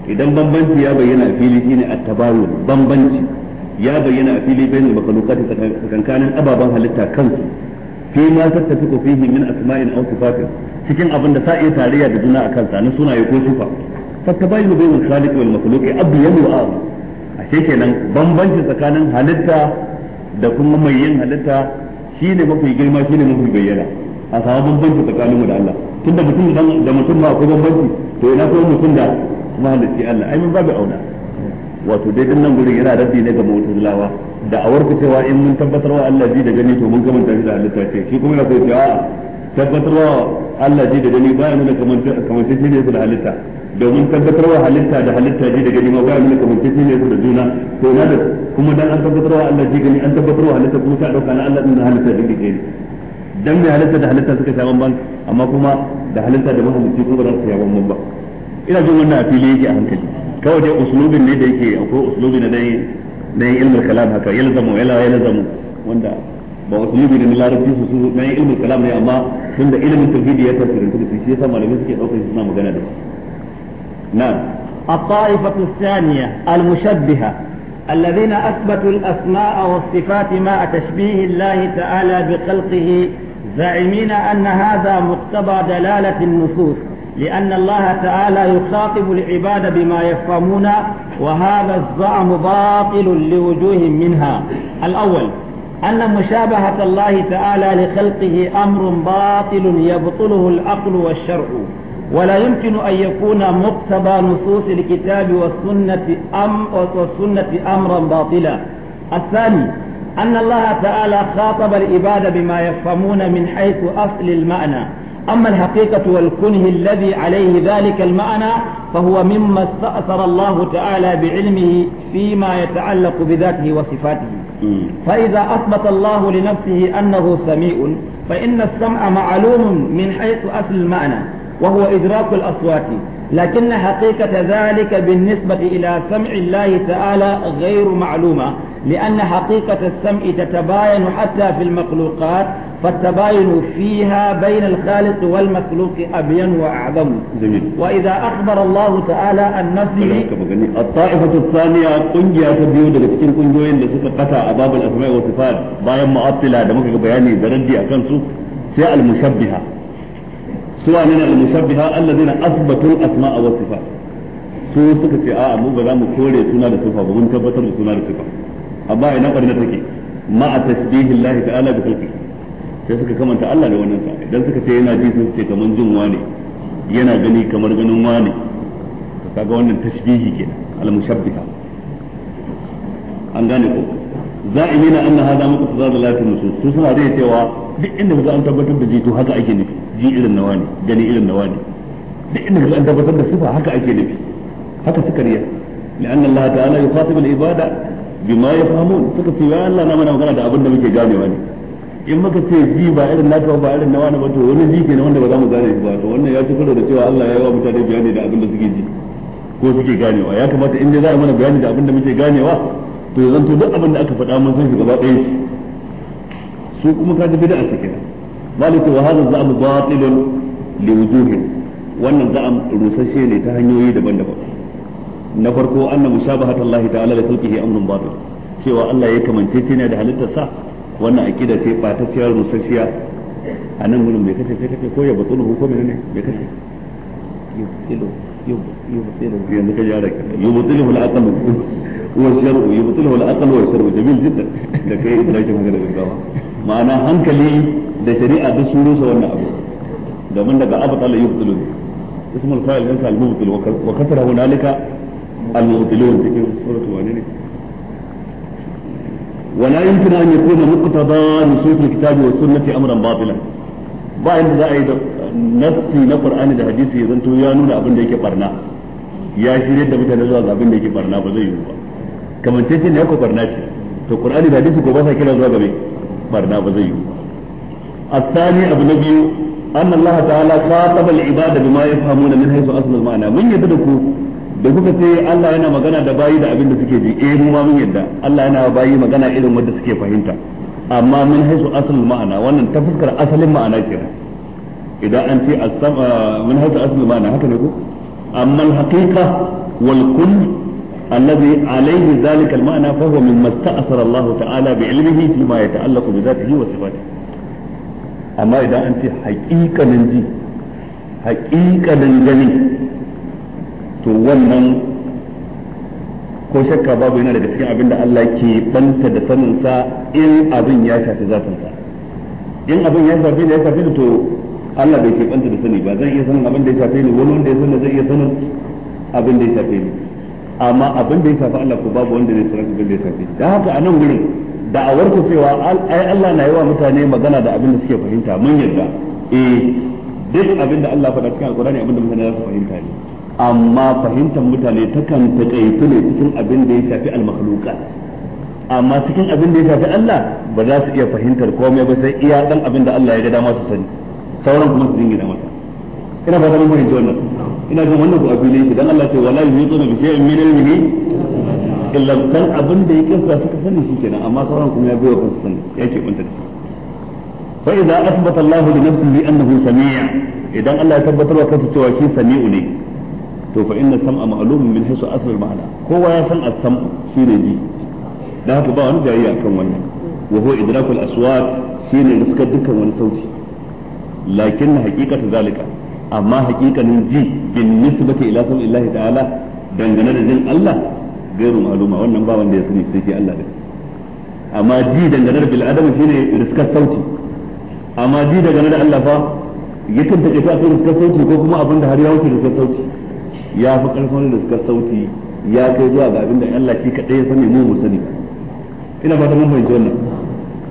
Speaker 1: idan bambanci ya bayyana a fili shine a tabayun bambanci ya bayyana a fili bayan makhluqat tsakankanin ababen halitta kansu fi ma tattafiqu fihi min asma'in aw sifatin cikin abin da sa iya tarayya da juna a sa na sunaye ko sifa fatabayun bayan al-khaliq wal makhluq abyan wa am ashe kenan bambanci tsakanin halitta da kuma mai yin halitta shine mafi girma shine mafi bayyana a samu bambanci tsakaninmu da Allah tunda mutum da mutum ba akwai bambanci to ina ko mutum da kuma mahalicci Allah ai mun babu auna wato dai nan gurin yana raddi ne ga mu'tazilawa da awarku cewa in mun tabbatar wa Allah ji da gani to mun kamanta shi da halitta ce shi kuma yana so cewa tabbatar wa Allah ji da gani ba ya nuna kamanta shi ne da halitta domin tabbatar wa halitta da halitta ji da gani ma ba ya nuna kamanta shi ne da juna to na da kuma dan an tabbatar wa Allah ji gani an tabbatar wa halitta kuma ta dauka na Allah din da halitta din da gani dan mai halitta da halitta suka sha bamban amma kuma da halitta da mahalicci kuma ba za su sha bamban ba ina jin wannan a fili yake a hankali kawai dai uslubin ne da yake akwai uslubi na dai na yin ilmul kalam haka yalzamu yala yalzamu wanda ba uslubi ne na larabci su su na yin ilmul kalam ne amma tunda ilmin tauhidi ya tafsirin ta shi yasa malamai suke daukar suna magana da shi
Speaker 2: na'am الطائفة الثانية المشبهة الذين أثبتوا الأسماء والصفات مع تشبيه الله تعالى بخلقه زعمين أن هذا مقتضى دلالة النصوص لأن الله تعالى يخاطب العباد بما يفهمون وهذا الزعم باطل لوجوه منها الأول أن مشابهة الله تعالى لخلقه أمر باطل يبطله العقل والشرع ولا يمكن أن يكون مقتضى نصوص الكتاب والسنة, أم والسنة أمرا باطلا الثاني أن الله تعالى خاطب العباد بما يفهمون من حيث أصل المعنى أما الحقيقة والكنه الذي عليه ذلك المعنى فهو مما استأثر الله تعالى بعلمه فيما يتعلق بذاته وصفاته فإذا أثبت الله لنفسه أنه سميع فإن السمع معلوم من حيث أصل المعنى وهو إدراك الأصوات لكن حقيقة ذلك بالنسبة إلى سمع الله تعالى غير معلومة لأن حقيقة السمع تتباين حتى في المخلوقات فالتباين فيها بين الخالق والمخلوق أبين وأعظم جميل وإذا أخبر الله تعالى أن نفسه
Speaker 1: الطائفة الثانية قنجة تبيو دكتين قنجوين لسكة قطع أباب الأسماء والصفات بايا معطلة دمك بياني درجي أكنسو سيء المشبهة سواء من المشبهة الذين أثبتوا الأسماء والصفات su suka ce a'a mu ba za mu kore suna da sifa ba mun tabbatar da suna da sifa amma ina ƙwarna take ma'a tasbihillahi ta'ala bi khalqihi sai suka kamanta Allah da wannan sa idan suka ce yana ji sun kaman jin wane yana gani kamar ganin wane to kaga wannan tashbihi kenan al-mushabbiha an gane ko za'imina anna hada muku tazadalatun nusus su suna zai cewa duk inda kaga an tabbatar da ji to haka ake nufi ji irin na ne gani irin na ne duk inda kaga an tabbatar da sifa haka ake nufi haka suka riya لأن الله تعالى يخاطب العبادة بما يفهمون فكتب يا الله نعم أنا مغنى أبن بك جاني واني in muka ce ji ba irin na ba irin na wani ba to wani ji kenan wanda ba za mu gane ba to wannan ya ci da cewa Allah ya yi wa mutane bayani da abin da suke ji ko suke ganewa ya kamata in dai za a mana bayani da abin da muke ganewa to ya zanto duk abin da aka faɗa mun san shi gaba ɗaya shi su kuma ka ji bid'a ce kenan malaka wa hadha za'am batilun li wujuhin wannan a rusashe ne ta hanyoyi daban-daban na farko ta ala ta'ala li khalqihi amrun batil cewa Allah ya kamance-ce ne da halittarsa wannan akida ce ba ta ciyar rusasshiya a nan gudun mai kace sai kace ko ya batsu nuhu ko menene bai kace yubtilu yubtilu yanzu ka jara yubtilu al-aqlu wa shar'u yubtilu al-aqlu wa shar'u jamil jidda da kai idraki magana da gaba ma'ana hankali da shari'a da su rusa wannan abu domin daga abtala yubtilu ismul fa'il yansa al-mubtil wa kasara hunalika al-mubtilun cikin suratul ne ولا يمكن أن يكون مقتضى نصوص الكتاب والسنة أمرا باطلا ba inda za a yi nassi na Qur'ani da hadisi ya zanto ya nuna abin da yake barna ya shirye da mutane zuwa ga abin da yake barna ba zai yi ba kamancece ne yake barna ce to Qur'ani da hadisi ko ba sa kira zuwa ga barna ba zai yi ba الثاني أبو نبي أن الله تعالى خاطب العباد بما يفهمون من ma'ana mun yadda da ku. da kuka ce Allah yana magana da bayi da abin da suke ji eh mu ma mun yadda Allah yana bayi magana irin wanda suke fahimta amma mun haisu asalin ma'ana wannan ta fuskar asalin ma'ana kenan idan an ce mun haisu asalin ma'ana haka ne ko amma al-haqiqa wal kull alladhi alayhi zalika al-ma'na fa huwa mimma sta'athara Allah ta'ala bi ilmihi fi ma yata'allaqu bi dhatihi wa sifatihi amma idan an ce haqiqanin ji haqiqanin gani to wannan ko shakka babu yana daga cikin abin da Allah ke banta da sanin sa in abin ya shafi zatin sa in abin ya shafi da ya shafi da to Allah bai ke banta da sani ba zan iya sanin abin da ya shafi ni wani wanda ya sanin zai iya sanin abin da ya shafi ni amma abin da ya shafi Allah ko babu wanda zai sanin abin da ya shafi da haka a nan gurin da'awar ku cewa ai Allah na yi wa mutane magana da abin da suke fahimta mun yarda eh duk abin da Allah faɗa cikin alkurani abin da mutane za su fahimta ne amma fahimtar mutane ta taƙaitu ne cikin abin da ya shafi al amma cikin abin da ya shafi Allah ba za su iya fahimtar komai ba sai iya dan abin da Allah ya ga dama su sani sauran kuma su jingina masa ina fata mun fahimci wannan ina jin wannan ku abin yake dan Allah ce wala yuhituna bi shay'in min mini illa kan abin da yake sa suka sani shi kenan amma sauran kuma ya bayar kansu sani yake kunta da shi fa idza asbata Allah li nafsihi annahu sami'a idan Allah ya tabbatar wa kansa cewa shi sami'u ne to fa inna sam'a ma'lumun min hisu asl ma'ana kowa ya san as-sam shine ji dan haka ba wani jayayya kan wannan wa huwa idrakul aswat shine riskar dukkan wani sauti lakin na haqiqatu zalika amma haqiqanin ji bin nisbati ila Illahi ta'ala dangane da jin Allah gairu ma'luma wannan ba wanda ya sani sai Allah da amma ji dangane da bil adam shine riskar sauti amma ji dangane da Allah fa yakan take ta riskar sauti ko kuma abinda har ya wuce riskar sauti ya fi karfin riskar sauti ya kai zuwa ga abin da Allah shi kaɗai ya sani mu mu sani ina fata mun fahimci wannan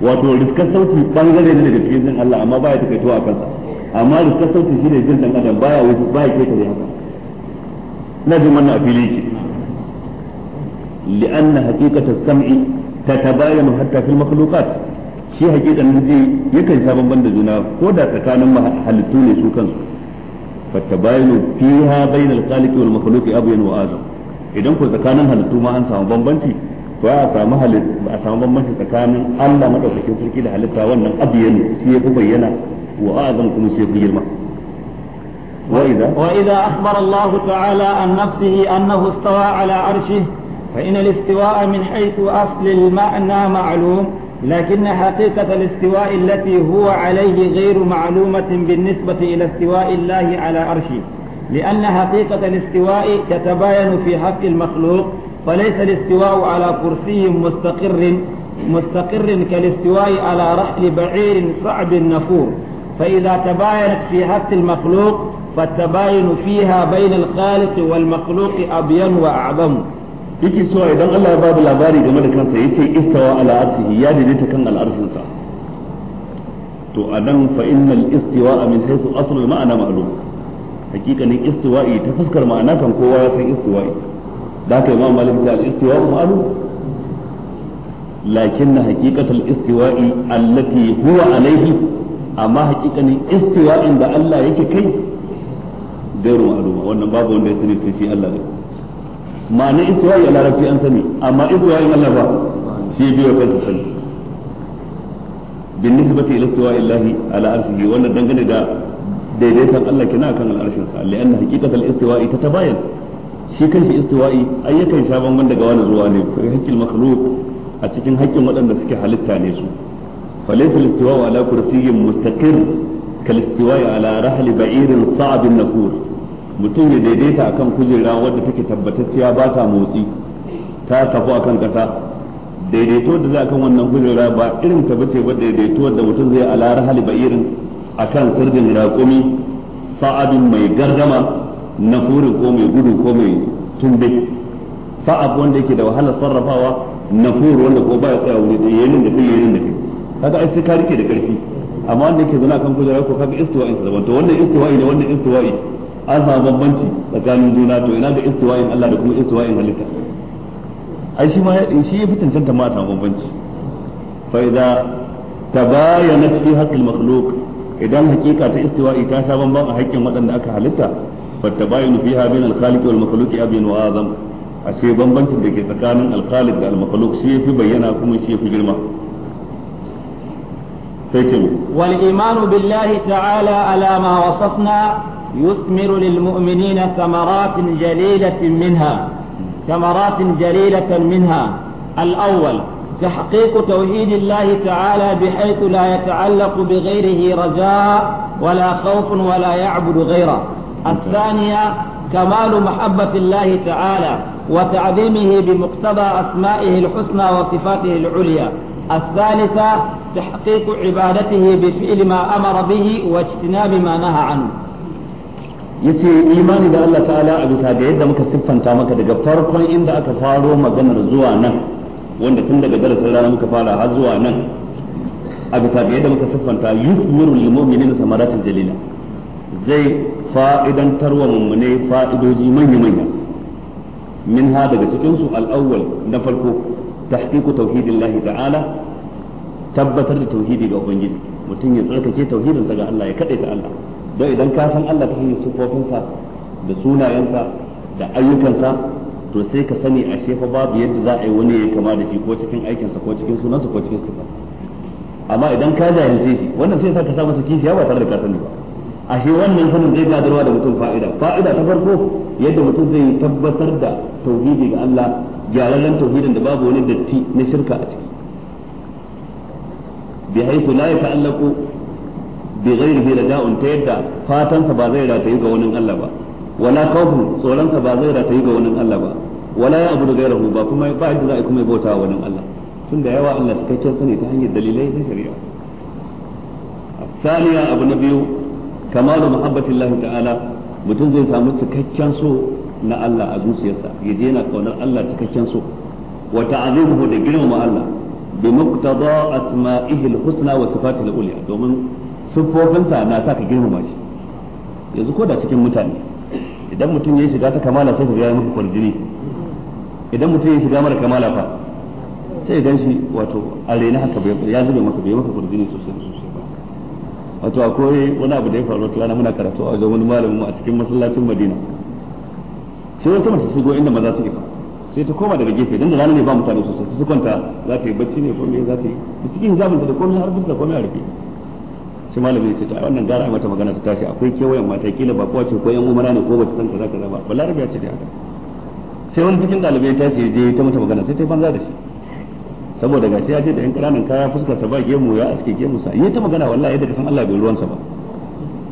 Speaker 1: wato riskar sauti bangare ne daga cikin jin Allah amma baya takaituwa a kansa amma riskar sauti shine jin dan adam baya wuce baya kai ta haka na jin wannan a fili ce li'anna haqiqatu sam'i tatabayanu hatta fil makhluqat shi haqiqatan ji yakan sha bamban da juna ko da tsakanin halittu ne su kansu fattabayanu fiha bainal khaliqi wal makhluqi abyan wa azam idan ko tsakanin halittu ma an samu bambanci to a samu halittu a samu bambanci tsakanin Allah madaukakin sarki da halitta wannan abyan shi ya fi bayyana wa azam kuma shi ya fi girma وإذا
Speaker 2: وإذا أخبر الله annahu عن ala arshi استوى على عرشه فإن الاستواء من حيث لكن حقيقة الاستواء التي هو عليه غير معلومة بالنسبة إلى استواء الله على أرشه لأن حقيقة الاستواء تتباين في حق المخلوق فليس الاستواء على كرسي مستقر مستقر كالاستواء على رحل بعير صعب النفور فإذا تباينت في حق المخلوق فالتباين فيها بين الخالق والمخلوق أبين وأعظم yake cewa idan Allah ya bada labari game da kansa yace
Speaker 1: istawa ala arsihi ya daidaita kan al'arshin sa to anan fa innal istiwa min haythu asl al ma'ana ma'lum hakikanin istiwa'i ta fuskar ma'ana kan kowa ya san istiwa'i da haka imam malik ya al-istiwa ma'lum lakinna haqiqatul istiwa'i allati huwa alayhi amma hakikanin istiwa'in da Allah yake kai gairu ma'luma wannan babu wanda ya sani sai shi Allah ne ma'anar istiwa'i a larabci an sani amma istiwa'in Allah ba shi biyo kansa sani bin nisbati ila istiwa'i Allah ala arshihi wannan dangane da daidaitan Allah kina kan al'arshin sa li'anna haqiqatul istiwa'i tatabayan shi kanshi istiwa'i ai yakan sha bamban daga wani zuwa ne kai hakkil makhluq a cikin haƙƙin waɗanda suke halitta ne su falaysa al-istiwa'u ala kursiyyin mustaqir kal istiwa'i ala rahli ba'irin sa'abin nakur mutum ya daidaita akan kujera wadda take tabbatacciya ba ta motsi ta tafi akan kasa daidaito da za kan wannan kujera ba irin ta bace ba daidaito da mutum zai ala rahali ba irin akan sirgin raƙumi sa'abin mai gargama na furi ko mai gudu ko mai tumbe sa'ab wanda yake da wahalar sarrafawa na furi wanda ko baya tsaya wuri da yayin da kai yayin da kai kaga ai sai ka rike da karfi amma wanda yake zauna kan kujera ko kaga istiwa'i zaman to wannan istiwa'i ne wannan istiwa'i an samu bambanci tsakanin juna to ina ga istiwa'in Allah da kuma istiwa'in halitta ai shi ma shi ya fi cancanta ma a samu bambanci fa idza tabayanat fi haqqil makhluq idan hakika ta istiwa'i ta sha bambam a haƙƙin waɗanda aka halitta fa tabayunu fiha bain al-khaliq wal makhluq abin wa azam ashe bambancin da ke tsakanin al-khaliq da al-makhluq shi yafi bayyana kuma shi yafi girma sai ce
Speaker 2: wal imanu billahi ta'ala ala ma يثمر للمؤمنين ثمرات جليلة منها ثمرات جليلة منها الأول تحقيق توحيد الله تعالى بحيث لا يتعلق بغيره رجاء ولا خوف ولا يعبد غيره الثانية كمال محبة الله تعالى وتعظيمه بمقتضى أسمائه الحسنى وصفاته العليا الثالثة تحقيق عبادته بفعل ما أمر به واجتناب ما نهى عنه
Speaker 1: yace imani da Allah ta'ala a bisa da yadda muka siffanta maka daga farkon inda aka faro maganar zuwa nan wanda tun daga darasin rana muka fara har zuwa nan a bisa da yadda muka siffanta yufiru lil mu'minin samaratul jalila zai fa'idantar wa mummune fa'idoji manya manya min ha daga cikin su al-awwal na farko tahqiqu tauhidillahi ta'ala tabbatar da tauhidi ga ubangiji mutum ya tsarkake tauhidinsa ga Allah ya kadaita Allah don idan ka san Allah ta hanyar sufofinsa da sunayensa da ayyukansa to sai ka sani a shefa babu yadda za a yi wani ya kama da shi ko cikin aikinsa ko cikin sunansa ko cikin sifa amma idan ka jahilce shi wannan sai sa ka sa masa kishiya ba tare da ka sani ba ashe wannan sanin zai gadarwa da mutum fa'ida fa'ida ta farko yadda mutum zai tabbatar da tauhidi ga Allah gyararren tauhidin da babu wani datti na shirka a ciki bi haythu la yata'allaqu bi da raja'un ta yadda fatansa ba zai ratayi ga wani Allah ba wala khawfu tsoronsa ba zai ratayi ga wani Allah ba wala ya abu gairahu ba kuma ba yadda za a yi kuma bauta wa wani Allah tun da yawa Allah cikakken sani ta hanyar dalilai na shari'a saniya abu na biyu kamalu muhabbatillahi ta'ala mutum zai samu cikakken so na Allah a zuciyarsa ya je yana kaunar Allah cikakken so wa ta'azimuhu da girmama Allah bi muqtada asma'ihi al-husna wa sifatihi al-ulya domin siffofinsa na sa ka girmama shi yanzu ko da cikin mutane idan mutum ya shiga ta kamala sai ka ga ya maka kwarjini idan mutum ya shiga mara kamala fa sai gan shi wato a rena haka ya zube maka bai maka kwarjini sosai sosai ba wato akwai wani abu da ya faru na muna karatu a wajen wani malamin mu a cikin masallacin Madina sai wata mace shigo inda maza suke fa sai ta koma daga gefe dan da rana ne ba mutane sosai su kwanta za ta yi bacci ne ko me za ta yi cikin hijabin da komai har bisa komai a rufe shi malami ya ce ta wannan gara mata magana ta tashi akwai kewayen mata kila ba kowace ko yan umara ne ko ba ta san kaza kaza ba balarabe ya ce da haka sai wani cikin dalibai ya tashi je ta mata magana sai ta banza da shi saboda gashi ya je da yan karanan kaya fuskar sa ba gemu ya aske gemu sa yi ta magana wallahi yadda san Allah bai ruwan sa ba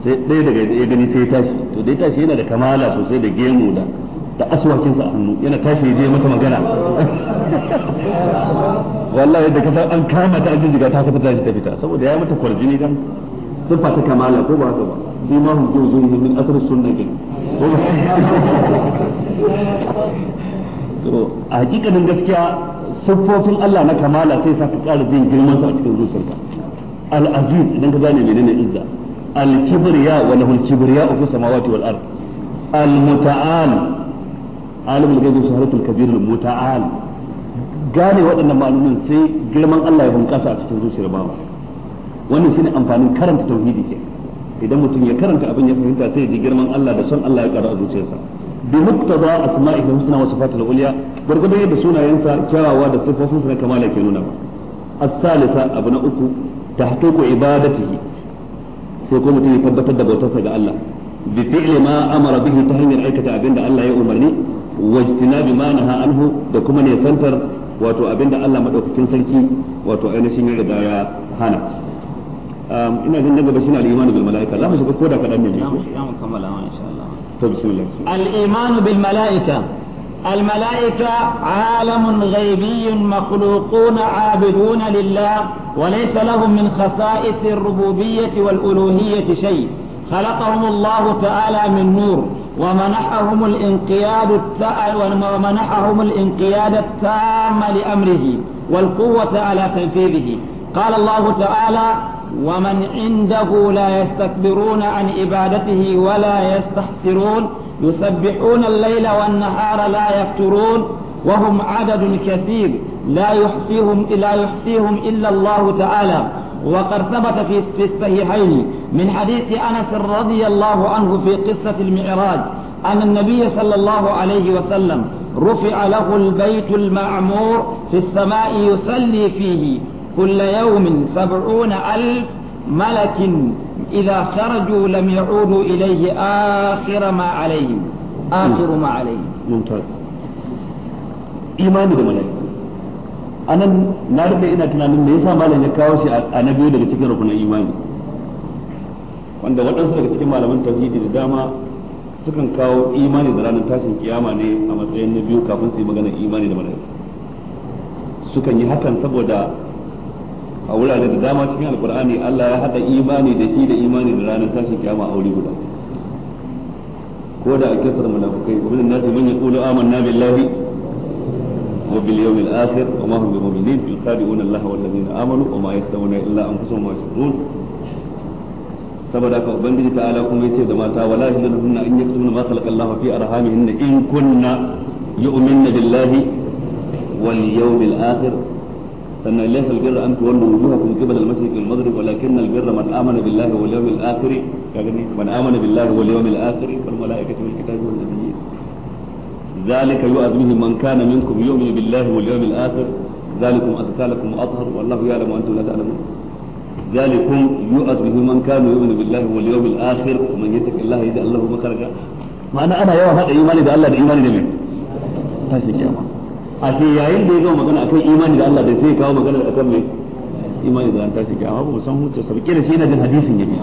Speaker 1: sai ɗaya daga ya gani sai ya tashi to dai tashi yana da kamala sosai da gemu da da aswakin sa a hannu yana tashi ya je mata magana wallahi yadda kasan an kama ta an jijjiga ta fita ta fita saboda ya mata kwarjini dan sifa ta kamala ko ba haka ba sai ma hum juzuri min asr sunna kin to a hakikanin gaskiya siffofin Allah na kamala sai sa ka ƙara jin girman sa a cikin zuciyarka al-aziz idan ka gane menene izza al-kibriya wa lahu al-kibriya fi samawati wal ard al-muta'al alimul ghaibi shaharatul kabir al-muta'al gane waɗannan malumin sai girman Allah ya bunƙasa a cikin zuciyar bawa wannan shine amfanin karanta tauhidi ke idan mutum ya karanta abin ya fahimta sai ya ji girman Allah da son Allah ya karu a zuciyarsa bi muqtada da husna wa sifatil ulya gurgurdan yadda sunayensa kyawawa da sifofinsa na kamala ke nuna ba as-salisa abu na uku tahqiqu ibadatihi sai ko mutum ya tabbatar da bautarsa ga Allah bi fi'li ma amara bihi ta hanyar aikata abinda Allah ya umarni wajtina bi ma naha anhu da kuma ne santar wato abinda da Allah madaukakin sarki wato ainihin ya riga ya hana ina jin daga bashin al-iman bil malaika za mu shiga koda kadan ne ya mu
Speaker 2: kammala wa insha Allah to bismillah al bil malaika الملائكة عالم غيبي مخلوقون عابدون لله وليس لهم من خصائص الربوبية والألوهية شيء خلقهم الله تعالى من نور ومنحهم الانقياد ومنحهم الانقياد التام لأمره والقوة على تنفيذه قال الله تعالى ومن عنده لا يستكبرون عن عبادته ولا يستحسرون يسبحون الليل والنهار لا يفترون وهم عدد كثير لا يحصيهم لا يحصيهم إلا الله تعالى وقد ثبت في الصحيحين من حديث أنس رضي الله عنه في قصة المعراج أن النبي صلى الله عليه وسلم رفع له البيت المعمور في السماء يصلي فيه كل يوم سبعون ألف ملك إذا خرجوا لم يعودوا إليه آخر ما عليهم آخر ما عليهم ممتاز إيمان الملائكة anan na rufe ina tunanin me yasa malam ya kawo shi
Speaker 1: a na biyu daga cikin rukunin imani wanda waɗansu daga cikin sukan kawo imani da ranar tashin kiyama ne a matsayin na biyu kafin su yi magana imani da malaika sukan yi hakan saboda a wurare da dama cikin alkur'ani Allah ya hada imani da shi da imani da ranar tashin kiyama a wuri guda ko da a kisar munafukai wa minan nasi man yaqulu amanna billahi wa bil yawmil akhir wa ma hum bimu'minin bil khadi'una Allah wal ladina amanu wa ma yastawuna illa anfusuhum wa yashurun saboda haka ubangiji ta'ala kuma yace da mata wala hinna an yaktubna ma khalaqa Allah fi arhamihinna in kunna yu'minna billahi wal yawmil akhir أن ليس البر أن تولوا وجوهكم قبل المشرق والمغرب ولكن البر من آمن بالله واليوم الآخر من آمن بالله واليوم الآخر والملائكة والكتاب والنبيين ذلك يؤذ به من كان منكم يؤمن بالله واليوم الآخر ذلكم أزكى لكم وأطهر والله يعلم وأنتم لا تعلمون ذلكم يؤذ به من كان يؤمن بالله واليوم الآخر ومن يتق الله يجعل له مخرجا معنى أنا يوم هذا إيماني بالله إيماني بالله هذه a ce yayin da ya zama magana akan imani da Allah da sai kawo magana akan mai imani da an tashi ki amma ba san hutu sa da shi yana jin hadisin yake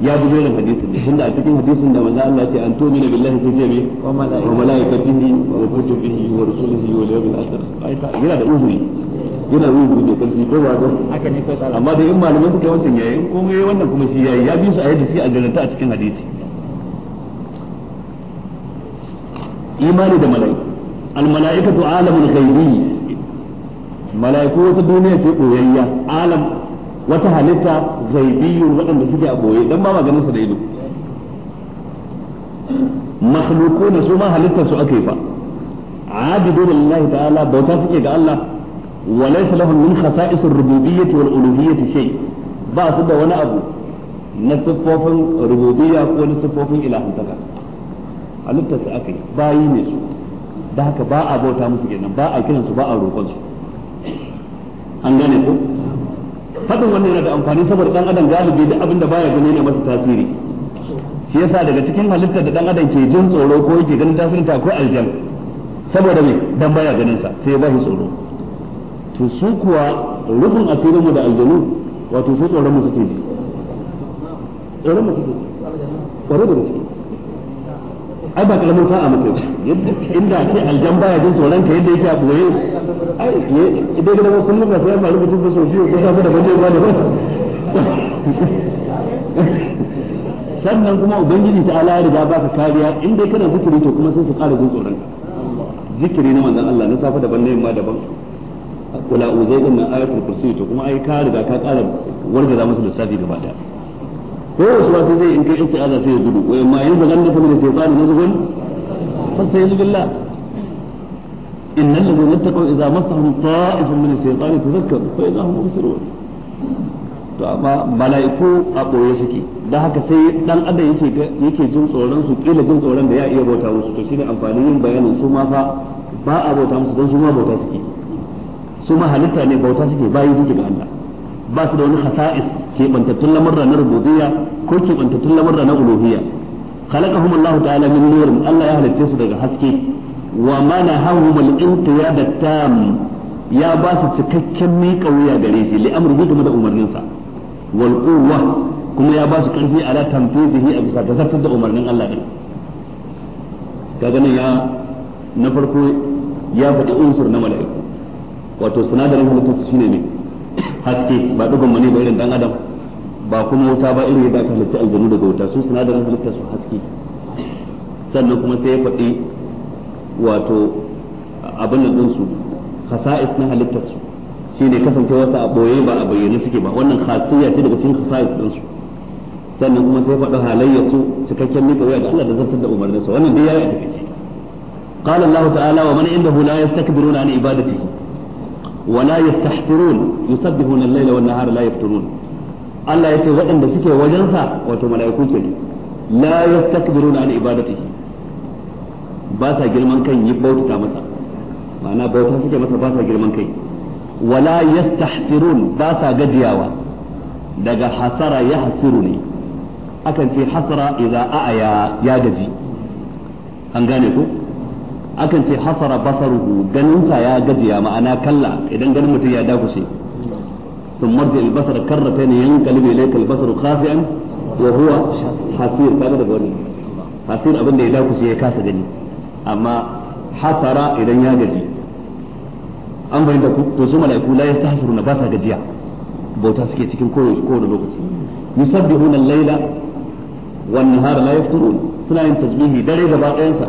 Speaker 1: ya bi zorin hadisin ne da a cikin hadisin da manzo Allah ya ce an tu'mina billahi sai ce wa malaikatihi wa kutubihi wa rusulihi wa yawmil akhir ayata yana da uzuri yana da uzuri da kalfi ko ba don haka ne kai amma da in malaman suka wancan yayi in kuma yayi wannan kuma shi yayi ya bi su a yadda shi a garanta a cikin hadisi imani da malaika almala'ikatu alamul ghaibi mala'iku wata duniya ce boyayya alam wata halitta ghaibiyyu wadanda suke a boye dan ba maganin su da ido makhluquna su ma halitta su akai fa abidu lillahi ta'ala bauta suke ga Allah wa laysa lahum min khasa'is ar-rububiyyah wal uluhiyyah shay ba su da wani abu na siffofin na siffofin ne su da haka ba a bauta musu kenan ba a kiransu ba a roƙon su an gane ko fadin wannan yana da amfani saboda dan adam galibi duk abinda baya gani ne masa tasiri shi yasa daga cikin halittar da dan adam ke jin tsoro ko yake ganin tasirin ta ko aljan saboda me dan baya ganin sa sai ya bashi tsoro to su kuwa rufin asirin mu da aljanu wato su tsoron mu suke ji tsoron mu suke ji tsoro da gaske
Speaker 3: ai ba kalamin sa'a muke yadda inda ce aljan baya jin tsoron ka yadda yake a boye ai idan gidan wasu kullum na sai ba rubutun ba sau ko safa da bane ba ne ba sannan kuma ubangiji ta ala
Speaker 1: riga ba ka kariya in dai kana zikiri to kuma sai su ƙara jin tsoron zikiri na manzon Allah na safa daban na ma daban kula uzai na ayatul kursi to kuma ai ka riga ka ƙara wargaza musu lissafi gaba daya ko wasu wasu zai in kai isti'aza sai ya gudu wai ma yanzu gan da kuma shaytan nazgun fasta'iz billah innal ladhina ittaqaw idza massahum ta'ifun min ash-shaytan tadhakkaru fa idza hum mubsirun to amma mala'iku a boye suke dan haka sai dan adam yake yake jin tsoron su kila jin tsoron da ya iya bauta musu to shine amfanin yin bayanin su ma fa ba a bauta musu don su ma bauta suke su ma halitta ne bauta suke bayi suke ga Allah ba su da wani khasa'is keɓantattun lamurra na rububiyya ko keɓantattun lamurra na uluhiyya khalaqahum Allah ta'ala min nur Allah ya halitta su daga haske wa manahum al-intiyad tam ya ba su cikakken miƙa wuya gare shi li amru bihi da umarninsa wal quwwa kuma ya ba su karfi ala tanfizihi a bisa tazartar da umarnin Allah din kaga ya na farko ya faɗi unsur na mala'iku wato sinadarin halittarsu shine ne haske ba dugun mani ba irin dan adam ba kuma wuta ba irin yadda aka halitta aljanu daga wuta su sinadarin halitta su haske sannan kuma sai ya faɗi wato abin da ɗinsu hasa'is na halittar su shi ne kasancewarsa a ɓoye ba a bayyane suke ba wannan khasiyya ce daga cikin hasa'is ɗinsu sannan kuma sai faɗi halayyar su cikakken mika wuya da Allah da zartar da umarninsa wannan dai ya yi a قال الله تعالى ومن عنده لا يستكبرون عن عبادته ولا يستحسرون يسبحون الليل والنهار لا يفترون Allah ya ce waɗanda suke wajensa wato mala'iku ke la yastakbiru an ibadatihi ba sa girman kan yi bauta masa ma'ana bauta suke masa ba sa girman kai wala yastahsirun ba sa gajiyawa daga hasara ya hasiru ne akan ce hasara idza a'aya ya gaji an gane ko akan ce hasara basaruhu ganinsa ya gajiya ma'ana kalla idan ganin mutum ya dakushe ثم ارجع البصر كرتين ينقلب اليك البصر خاسئا وهو حسير كذا ya بني حسير ابن ده يداكو سي كاسا غني اما حسرا اذا يا غجي an bai da to su malaiku la yastahsiru na ba sa gajiya bauta suke cikin kowace kowane lokaci yusabbihuna al-laila wan nahara la suna yin tasbihi dare gaba ɗayansa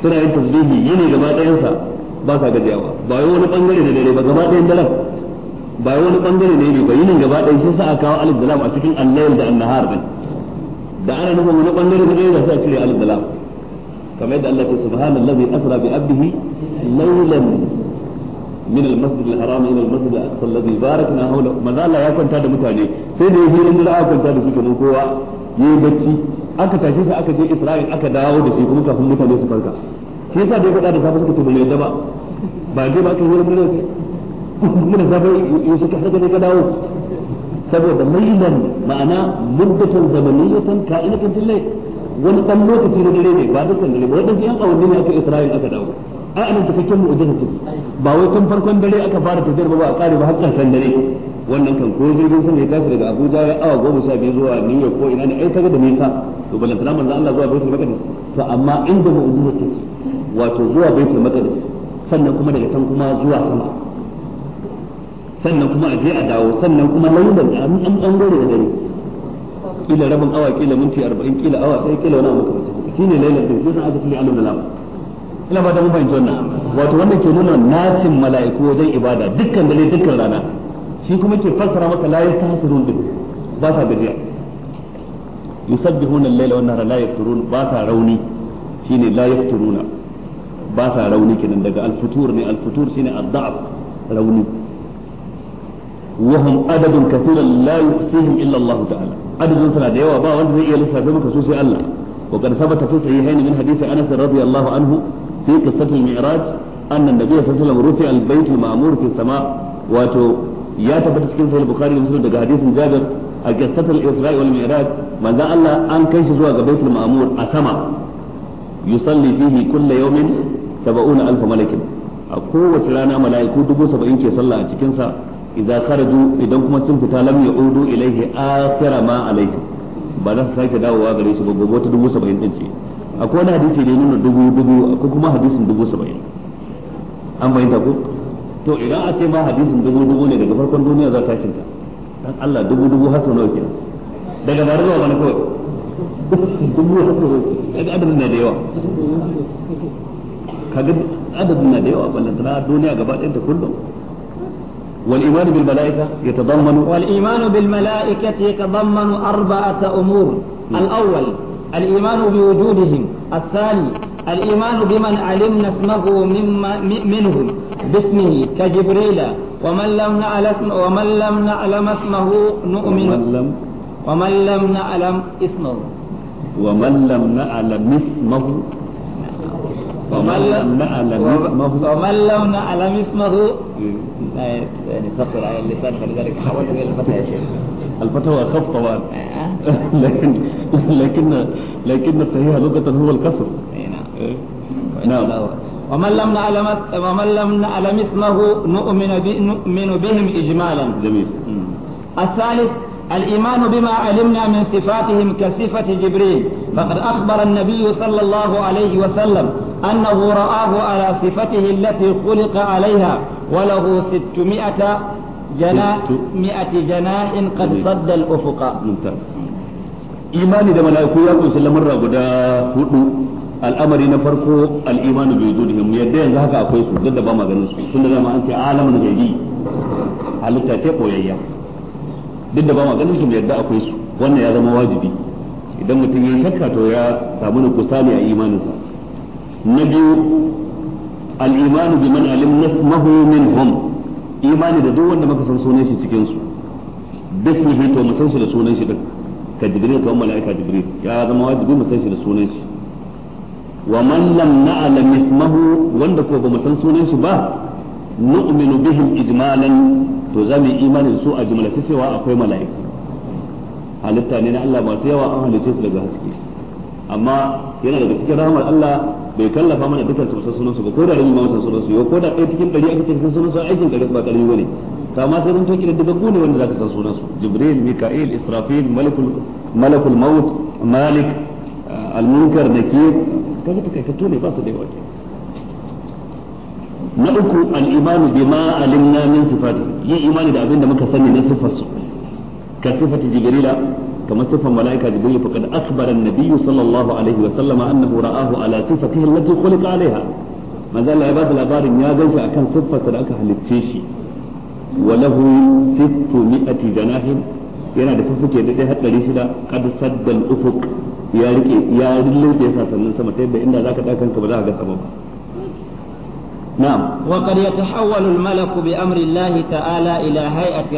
Speaker 1: suna yin tasbihi yini gaba ɗayansa ba sa gajiyawa ba wai wani bangare da dare ba gaba ɗayan dalar ba wani bangare ne ne bayinin gaba ɗaya shi sa aka kawo alif da lam a cikin al da an-nahar da ana nufin wani bangare ne da sai a cire alif da lam kamar yadda Allah ya subhanallazi asra bi abdihi laylan min al-masjid al-haram ila al-masjid al-aqsa alladhi barakna hawla manzo Allah ya kwanta da mutane sai da yayi hirin da aka kwanta da su kenan kowa yayi bacci aka tashi sa aka je Isra'il aka dawo da shi kuma kafin mutane su farka shi yasa da ya faɗa da safe suka tabbata ba ba dai ba aka hirin da muna bai yi shi saka ne ka dawo saboda mailan ma'ana muddatan zamaniyatan ka'inatan tillai wani dan lokaci na dare ne ba dukkan dare ba wadanda yan awanni ne aka Isra'il aka dawo ai anan cikakken mu'jiza ce ba wai tun farkon dare aka fara tafiyar ba ba a kare ba har kan dare wannan kan ko jirgin sun ne tashi daga Abuja ya awa goma sha biyu zuwa New York ko ina ne ai kaga da nisa to balantana manzo Allah zuwa Baitul Maqdis to amma inda mu'jiza ce wato zuwa Baitul Maqdis sannan kuma daga can kuma zuwa sama sannan kuma a je a dawo sannan kuma lailan an an an gore da dare kila rabin awa kila minti 40 kila awa sai kila wani abu shine lailan din sai aka tsili alun lam ina ba da mun fahimci wannan wato wannan ke nuna nacin mala'iku wajen ibada dukkan dare dukkan rana shi kuma ke fassara maka la yastahsirun din ba sa gajiya yusabbihuna al-laila wan nahara la yafturun ba sa rauni shine la yafturuna ba sa rauni kenan daga al-futur ne al-futur shine ad-da'f rauni وهم عدد كثير لا يؤتيهم إلا الله تعالى عدد سنة ديوة با وانت زي إيا لسا فمك سوسي الله وقد ثبت في صحيحين من حديث أنس رضي الله عنه في قصة المعراج أن النبي صلى الله عليه وسلم رفع البيت المعمور في السماء واتو يا تبت cikin sahih bukhari da muslim daga hadisin jabir a qissatul isra'i wal mi'raj manzo Allah an kai shi zuwa ga baitul a sama yusalli fihi kullu yawmin 70000 malakin a kowace rana mala'iku 70 ke sallah a cikinsa. idza kharaju idan kuma sun fita lam yaudu ilaihi akhira ma alaihi ba za su sake dawowa gare shi ba gobe ta dubu saba'in din ce akwai wani hadisi da ya nuna dubu dubu ko kuma hadisin dubu saba'in an bayyana ko to idan a ce ma hadisin dubu dubu ne daga farkon duniya za ta shinta dan Allah dubu dubu har sau nawa kenan daga bare zuwa wani kawai dubu har sau kaga adadin na da yawa kaga adadin na da yawa ballan
Speaker 2: tana duniya gaba ɗayan ta kullum والإيمان بالملائكة يتضمن والإيمان بالملائكة يتضمن أربعة أمور م. نعم. الأول الإيمان بوجودهم الثاني الإيمان بمن علمنا اسمه مما منهم باسمه كجبريل ومن لم نعلم ومن لم نعلم اسمه نؤمن ومن لم ومن لم نعلم اسمه ومن لم نعلم اسمه ومن لم نعلم اسمه ومن لم نعلم اسمه إيه. يعني تخطر على اللسان فلذلك حولنا الى الفتح يا شيخ الفتوى اخف طبعا
Speaker 1: آه. لكن
Speaker 2: لكن لكن
Speaker 1: الصحيح لغة هو الكسر إيه، نعم.
Speaker 2: إيه. نعم. نعم ومن لم نعلم ومن لم نعلم اسمه نؤمن نؤمن بهم اجمالا جميل الثالث الإيمان بما علمنا من صفاتهم كصفة جبريل فقد أخبر النبي صلى الله عليه وسلم أنه رآه على صفته التي خلق عليها وله ستمائة جناح مئة جناح قد صد الأفق ممتاز imani da mala'iku ya kunshi lamarra guda
Speaker 1: hudu al'amari na farko al'imanu bai zo da mu yadda yanzu haka akwai su duk da ba maganin su tun dama an ce alamun gaibi halitta ce koyayya duk da ba maganin su mu yadda akwai su wannan ya zama wajibi idan mutum ya shakka ya samu nukusani a imaninsa na biyu al'imanu al-imanu biman alimnahu hom imani da duk wanda muka san sunan shi cikin su bismihi to mu san shi da sunan shi din ka jibril ka malaika jibril ya zama wajibi mu san shi da sunan shi wa man lam na'lam ismahu wanda ko bamu san sunan shi ba nu'minu bihim ijmalan to za mu yi imani su a jumla sai cewa akwai mala'iku halitta ne na Allah masu yawa an halice su daga haske amma yana daga cikin rahmar Allah bai kallafa mana dukkan su san sunan su ba ko da rabi ma san sunan su ko da kai cikin dari aka ce san sunan su aikin gari ba bane sai mun gune wanda zaka san sunan su jibril mika'il israfil malakul malakul maut malik eh, almunkar nakir kaga ka tone ba su da na uku al-imanu bima alimna min sifati yi imani da abinda muka sani na sifar su ka sifati jibrila كما صفة ملائكة جبريل فقد أخبر النبي صلى الله عليه وسلم أنه رآه على صفته التي خلق عليها ما زال عباد الأبار يا جيش أكن صفة لك هلتشيشي وله ستمائة جناح yana da fufuke da har ɗari shida kad saddal ufuk ya rike ya rilloke sa sannan sama ta yadda inda zaka da kanka ba za ka ga sama ba na'am
Speaker 2: wa qad malaku bi amri ta'ala ila hay'ati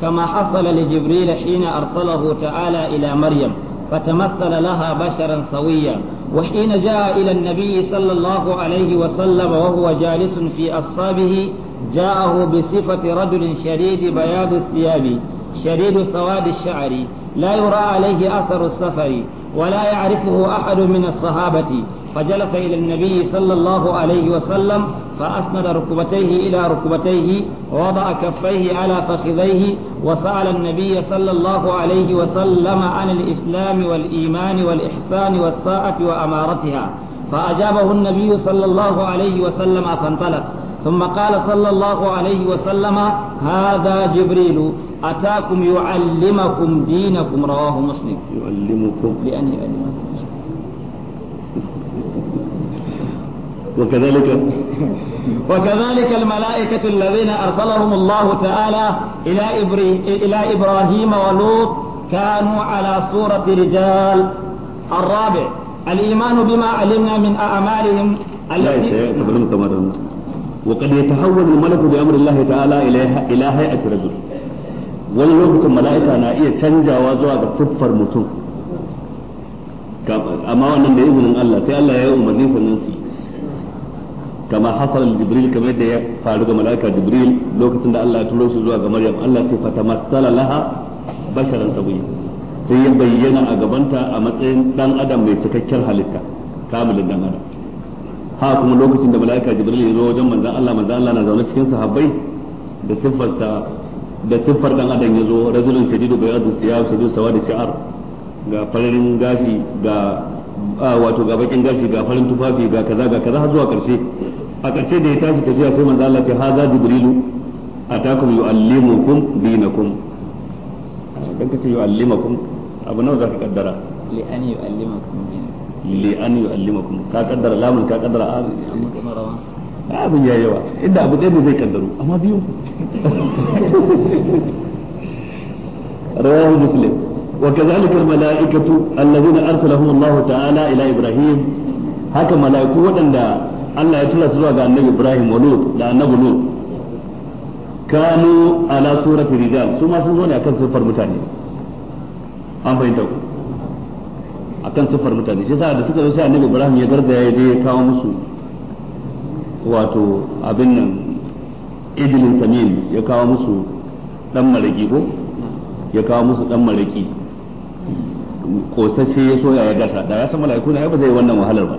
Speaker 2: كما حصل لجبريل حين أرسله تعالى إلى مريم فتمثل لها بشرا سويا وحين جاء إلى النبي صلى الله عليه وسلم وهو جالس في أصابه جاءه بصفة رجل شديد بياض الثياب شديد سواد الشعر لا يرى عليه أثر السفر ولا يعرفه أحد من الصحابة فجلس إلى النبي صلى الله عليه وسلم فأسند ركبتيه إلى ركبتيه ووضع كفيه على فخذيه وسأل النبي صلى الله عليه وسلم عن الإسلام والإيمان والإحسان والساعة وأمارتها فأجابه النبي صلى الله عليه وسلم فانطلق ثم قال صلى الله عليه وسلم هذا جبريل أتاكم يعلمكم دينكم رواه مسلم يعلمكم لأن يعلمكم وكذلك وكذلك الملائكة الذين أرسلهم الله تعالى إلى, إبري إلى إبراهيم ولوط كانوا على صورة رجال الرابع الإيمان بما علمنا من أعمالهم التي
Speaker 1: وقد يتحول الملك بأمر الله تعالى إلى إلى هيئة رجل wani ملائكة نائية na iya canjawa zuwa ga siffar mutum amma wannan يوم izinin Allah kama hasal jibril kamar da ya faru ga malaika jibril lokacin da Allah ya turo shi zuwa ga maryam Allah ya fata masala laha basharan sabiya sai ya bayyana a ta a matsayin dan adam mai cikakken halitta kamilin dan adam ha kuma lokacin da malaika jibril ya zo wajen manzon Allah manzon Allah na zaune cikin sahabbai da siffarta da siffar dan adam ya zo rajulun shadidu bayadu siyab shadidu sawadi shi'ar ga fararin gashi ga wato ga bakin gashi ga farin tufafi ga kaza ga kaza har zuwa karshe a karshe da ya tashi jiya sai manzo Allah ta haza jibrilu atakum yuallimukum dinakum
Speaker 2: dan kace yuallimukum abu nawa zaka kaddara li an yuallimukum dinakum li an yuallimukum ka kaddara lamun ka kaddara a amma kamar abin ya yawa inda abu dai zai kaddaro
Speaker 1: amma biyu rawahu muslim وكذلك الملائكة الذين أرسلهم الله تعالى إلى إبراهيم هكا ملائكة ودن الله يتلى سلوى عن النبي إبراهيم ولوط لأن لوط كانوا على سورة رجال ثم سنزوني أكن سفر متاني أم فإنتو أكن سفر متاني شيء سعادة suka zo sai إبراهيم Ibrahim ya garda ya je kawo musu wato abin nan idilin tamim ya kawo musu dan maraki kotacce ya soya ya gasa da ya san mala'iku na ba zai wannan wahalar ba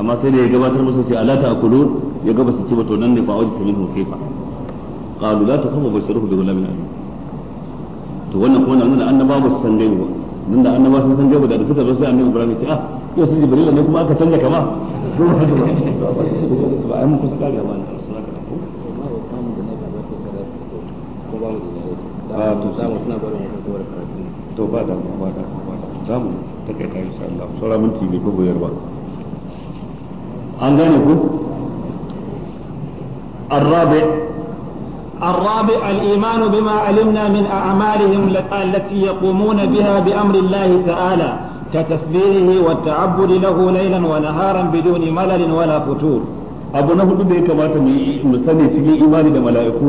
Speaker 1: amma sai da ya gabatar musu sai Allah ta akulu ya ga basu ci ba to nan ne ba wajen samin hukifa qalu la takhafu basharuhu bi ghulamin alim to wannan kuma nan annaba ba su san dai ba nan da annaba sun san ba da suka zo sai annabi Ibrahim ya ce ah yau sai jibril ne kuma aka canja kama ba ai mun kusa kare ba to to ba da ba da ba da zamu takaita insha Allah saura minti bai ko goyar ba
Speaker 2: an gane ku الرابع الرابع الإيمان بما علمنا من أعمالهم التي يقومون بها بأمر الله تعالى كتسبيحه والتعبد له ليلا ونهارا بدون ملل ولا فتور abu na huɗu da ya kamata
Speaker 1: mu musani cikin imani da mala'iku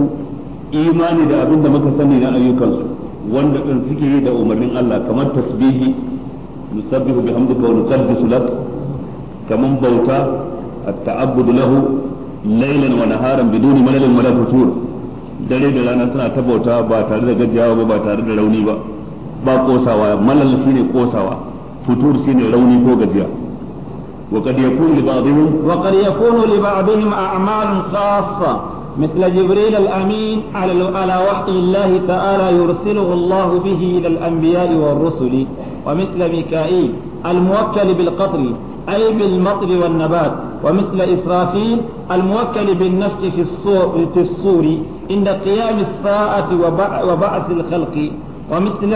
Speaker 1: imani da abinda muka sani na ayyukansu wanda kan suke yi da umarnin Allah kamar tasbihi nusabbihu bihamdika wa nuqaddisu lak kamar bauta at-ta'abbud lahu laylan wa naharan biduni malalin wala futur dare da rana suna ta bauta ba tare da gajiyawa ba ba tare da rauni ba ba kosawa malal shine kosawa futur shine rauni ko gajiya وقد يكون لبعضهم وقد
Speaker 2: يكون لبعضهم أعمال خاصة مثل جبريل الأمين على وحي الله تعالى يرسله الله به إلى الأنبياء والرسل ومثل ميكائيل الموكل بالقطر أي بالمطر والنبات ومثل إسرافيل الموكل بالنفس في الصور, في الصور عند قيام الساعة وبعث الخلق ومثل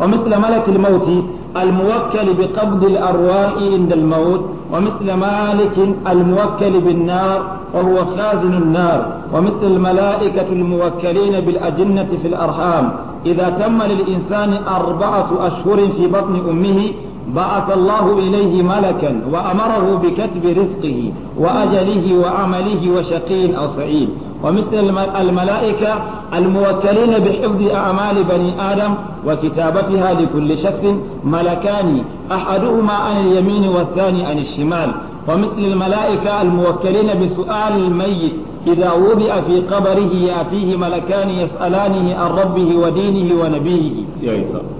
Speaker 2: ومثل ملك الموت الموكل بقبض الأرواح عند الموت ومثل مالك الموكل بالنار وهو خازن النار ومثل الملائكة الموكلين بالأجنة في الأرحام إذا تم للإنسان أربعة أشهر في بطن أمه بعث الله إليه ملكا وأمره بكتب رزقه وأجله وعمله وشقي أو سعيد ومثل الملائكة الموكلين بحفظ أعمال بني آدم وكتابتها لكل شخص ملكان أحدهما عن اليمين والثاني عن الشمال ومثل الملائكة الموكلين بسؤال الميت إذا وضع في قبره يأتيه ملكان يسألانه عن ربه ودينه ونبيه
Speaker 1: يا إسلام.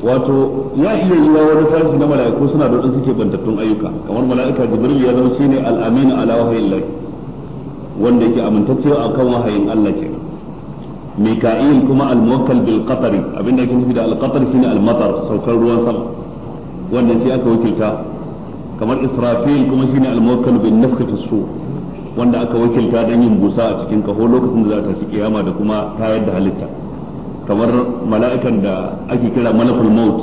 Speaker 1: wato ya iya yi wani tashi na mala'iku suna da wadanda suke bantattun ayyuka kamar mala'ika jibril ya zama shi ne aminu ala wahayin lahi wanda yake a kan wahayin Allah ke mika'il kuma al-muwakkal bil qatari abinda yake nufi da al-qatar shine al-matar saukar ruwan sama wanda shi aka wakilta kamar israfil kuma shine al-muwakkal bin nafkhati su wanda aka wakilta dan yin busa a cikin kaho lokacin da za ta shi kiyama da kuma tayar da halitta kamar mala'ikan da ake kira malakul maut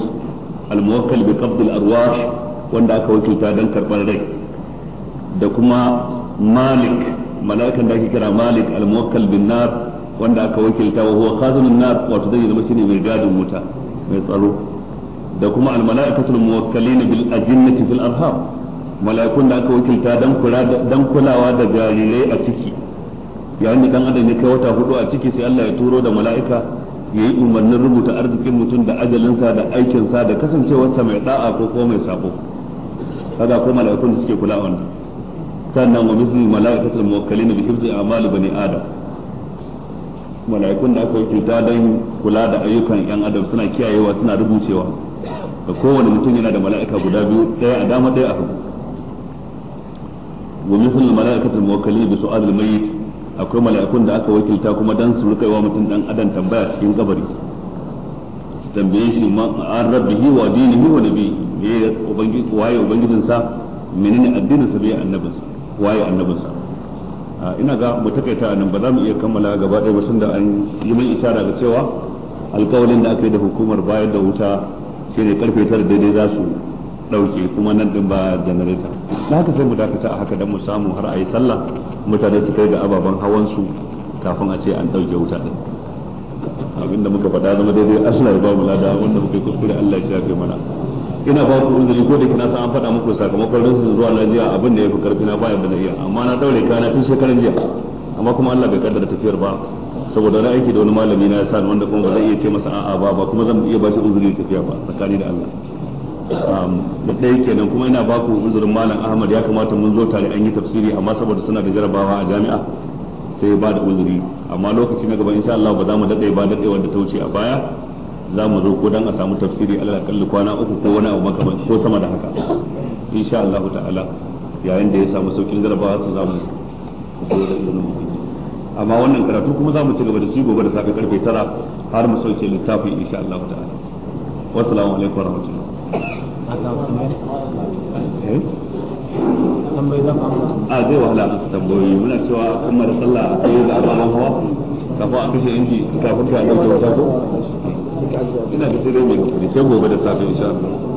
Speaker 1: al-muwakkal bi qabd al wanda aka wakilta dan karbar rai da kuma malik mala'ikan da ake kira malik al-muwakkal bin nar wanda aka wakilta wa huwa khazinun nar wato zai zama shine mai gadin wuta mai tsaro da kuma al-mala'ikatul muwakkalina bil ajinnati fil arham mala'ikun da aka wakilta dan kula dan kulawa da jarirai a ciki yayin da dan adam ya kai wata hudu a ciki sai Allah ya turo da mala'ika yi umarnin rubuta arzikin mutum da ajalinsa da aikinsa da kasancewarsa mai da'a ko ko mai sabo kaga ko mala'ikun da suke kula a wannan sannan wa misli mala'ikatul muwakkalin bi hifzi a'mali bani adam mala'ikun da aka wakilta don kula da ayyukan yan adam suna kiyayewa suna rubucewa da kowane mutum yana da mala'ika guda biyu daya a dama daya a hagu wa misli mala'ikatul muwakkalin bi su'adil mayyit akwai mala'ikun da aka wakilta kuma dan su rika wa mutum dan adam tambaya cikin kabari su tambaye shi ma an rabbihi wa dinihi wa nabi ne ubangiji waye ubangijin sa menene addinin sa bai annabin sa waye annabin sa ina ga mu takaita nan ba za mu iya kammala gaba ɗaya ba da an yi mai isara ga cewa alƙawalin da aka yi da hukumar bayar da wuta shine karfe tara daidai za su dauke kuma nan din ba generator na haka sai mu dakata a haka dan mu samu har ayi sallah mutane su kai ga ababan hawan su kafin a ce an dauke wuta din abinda muka faɗa zama daidai Allah ba mu lada wanda muka kuskure Allah ya shafe mana ina ba ku uzuri ko da kina san an faɗa muku sakamakon rinsu zuwa Najeriya abin da ya fi karfi na ba yadda na iya amma na daure kana tun shekaran jiya amma kuma Allah bai kaddara tafiyar ba saboda na aiki da wani malami na ya sa wanda kuma ba zai iya ce masa a'a ba kuma zan iya ba shi uzuri tafiya ba tsakani da Allah da um, ɗaya kenan kuma ina baku uzurin malam ahmad ya kamata mun zo tare an yi tafsiri amma saboda suna da jarabawa a jami'a sai ba da uzuri amma lokaci na gaba insha Allah ba za mu daɗe ba daɗe wanda ta wuce a baya za mu zo ko dan a samu tafsiri alal akalli kwana uku ko wani abu makaman ko sama da haka insha Allah ta'ala yayin da ya samu saukin jarabawa su za mu da amma wannan karatu kuma za mu ci gaba da shi gobe da safe karfe tara har mu sauke littafin insha Allah ta'ala wassalamu alaikum warahmatullahi Eh?
Speaker 2: a zai wahala
Speaker 1: a su tambayoyi muna cewa kuma da sallah akwai da ababen hawa kafin a kashe inji kafin ka ɗauke wata ko
Speaker 3: ina da sai dai mai kafin sai gobe da safe insha Allah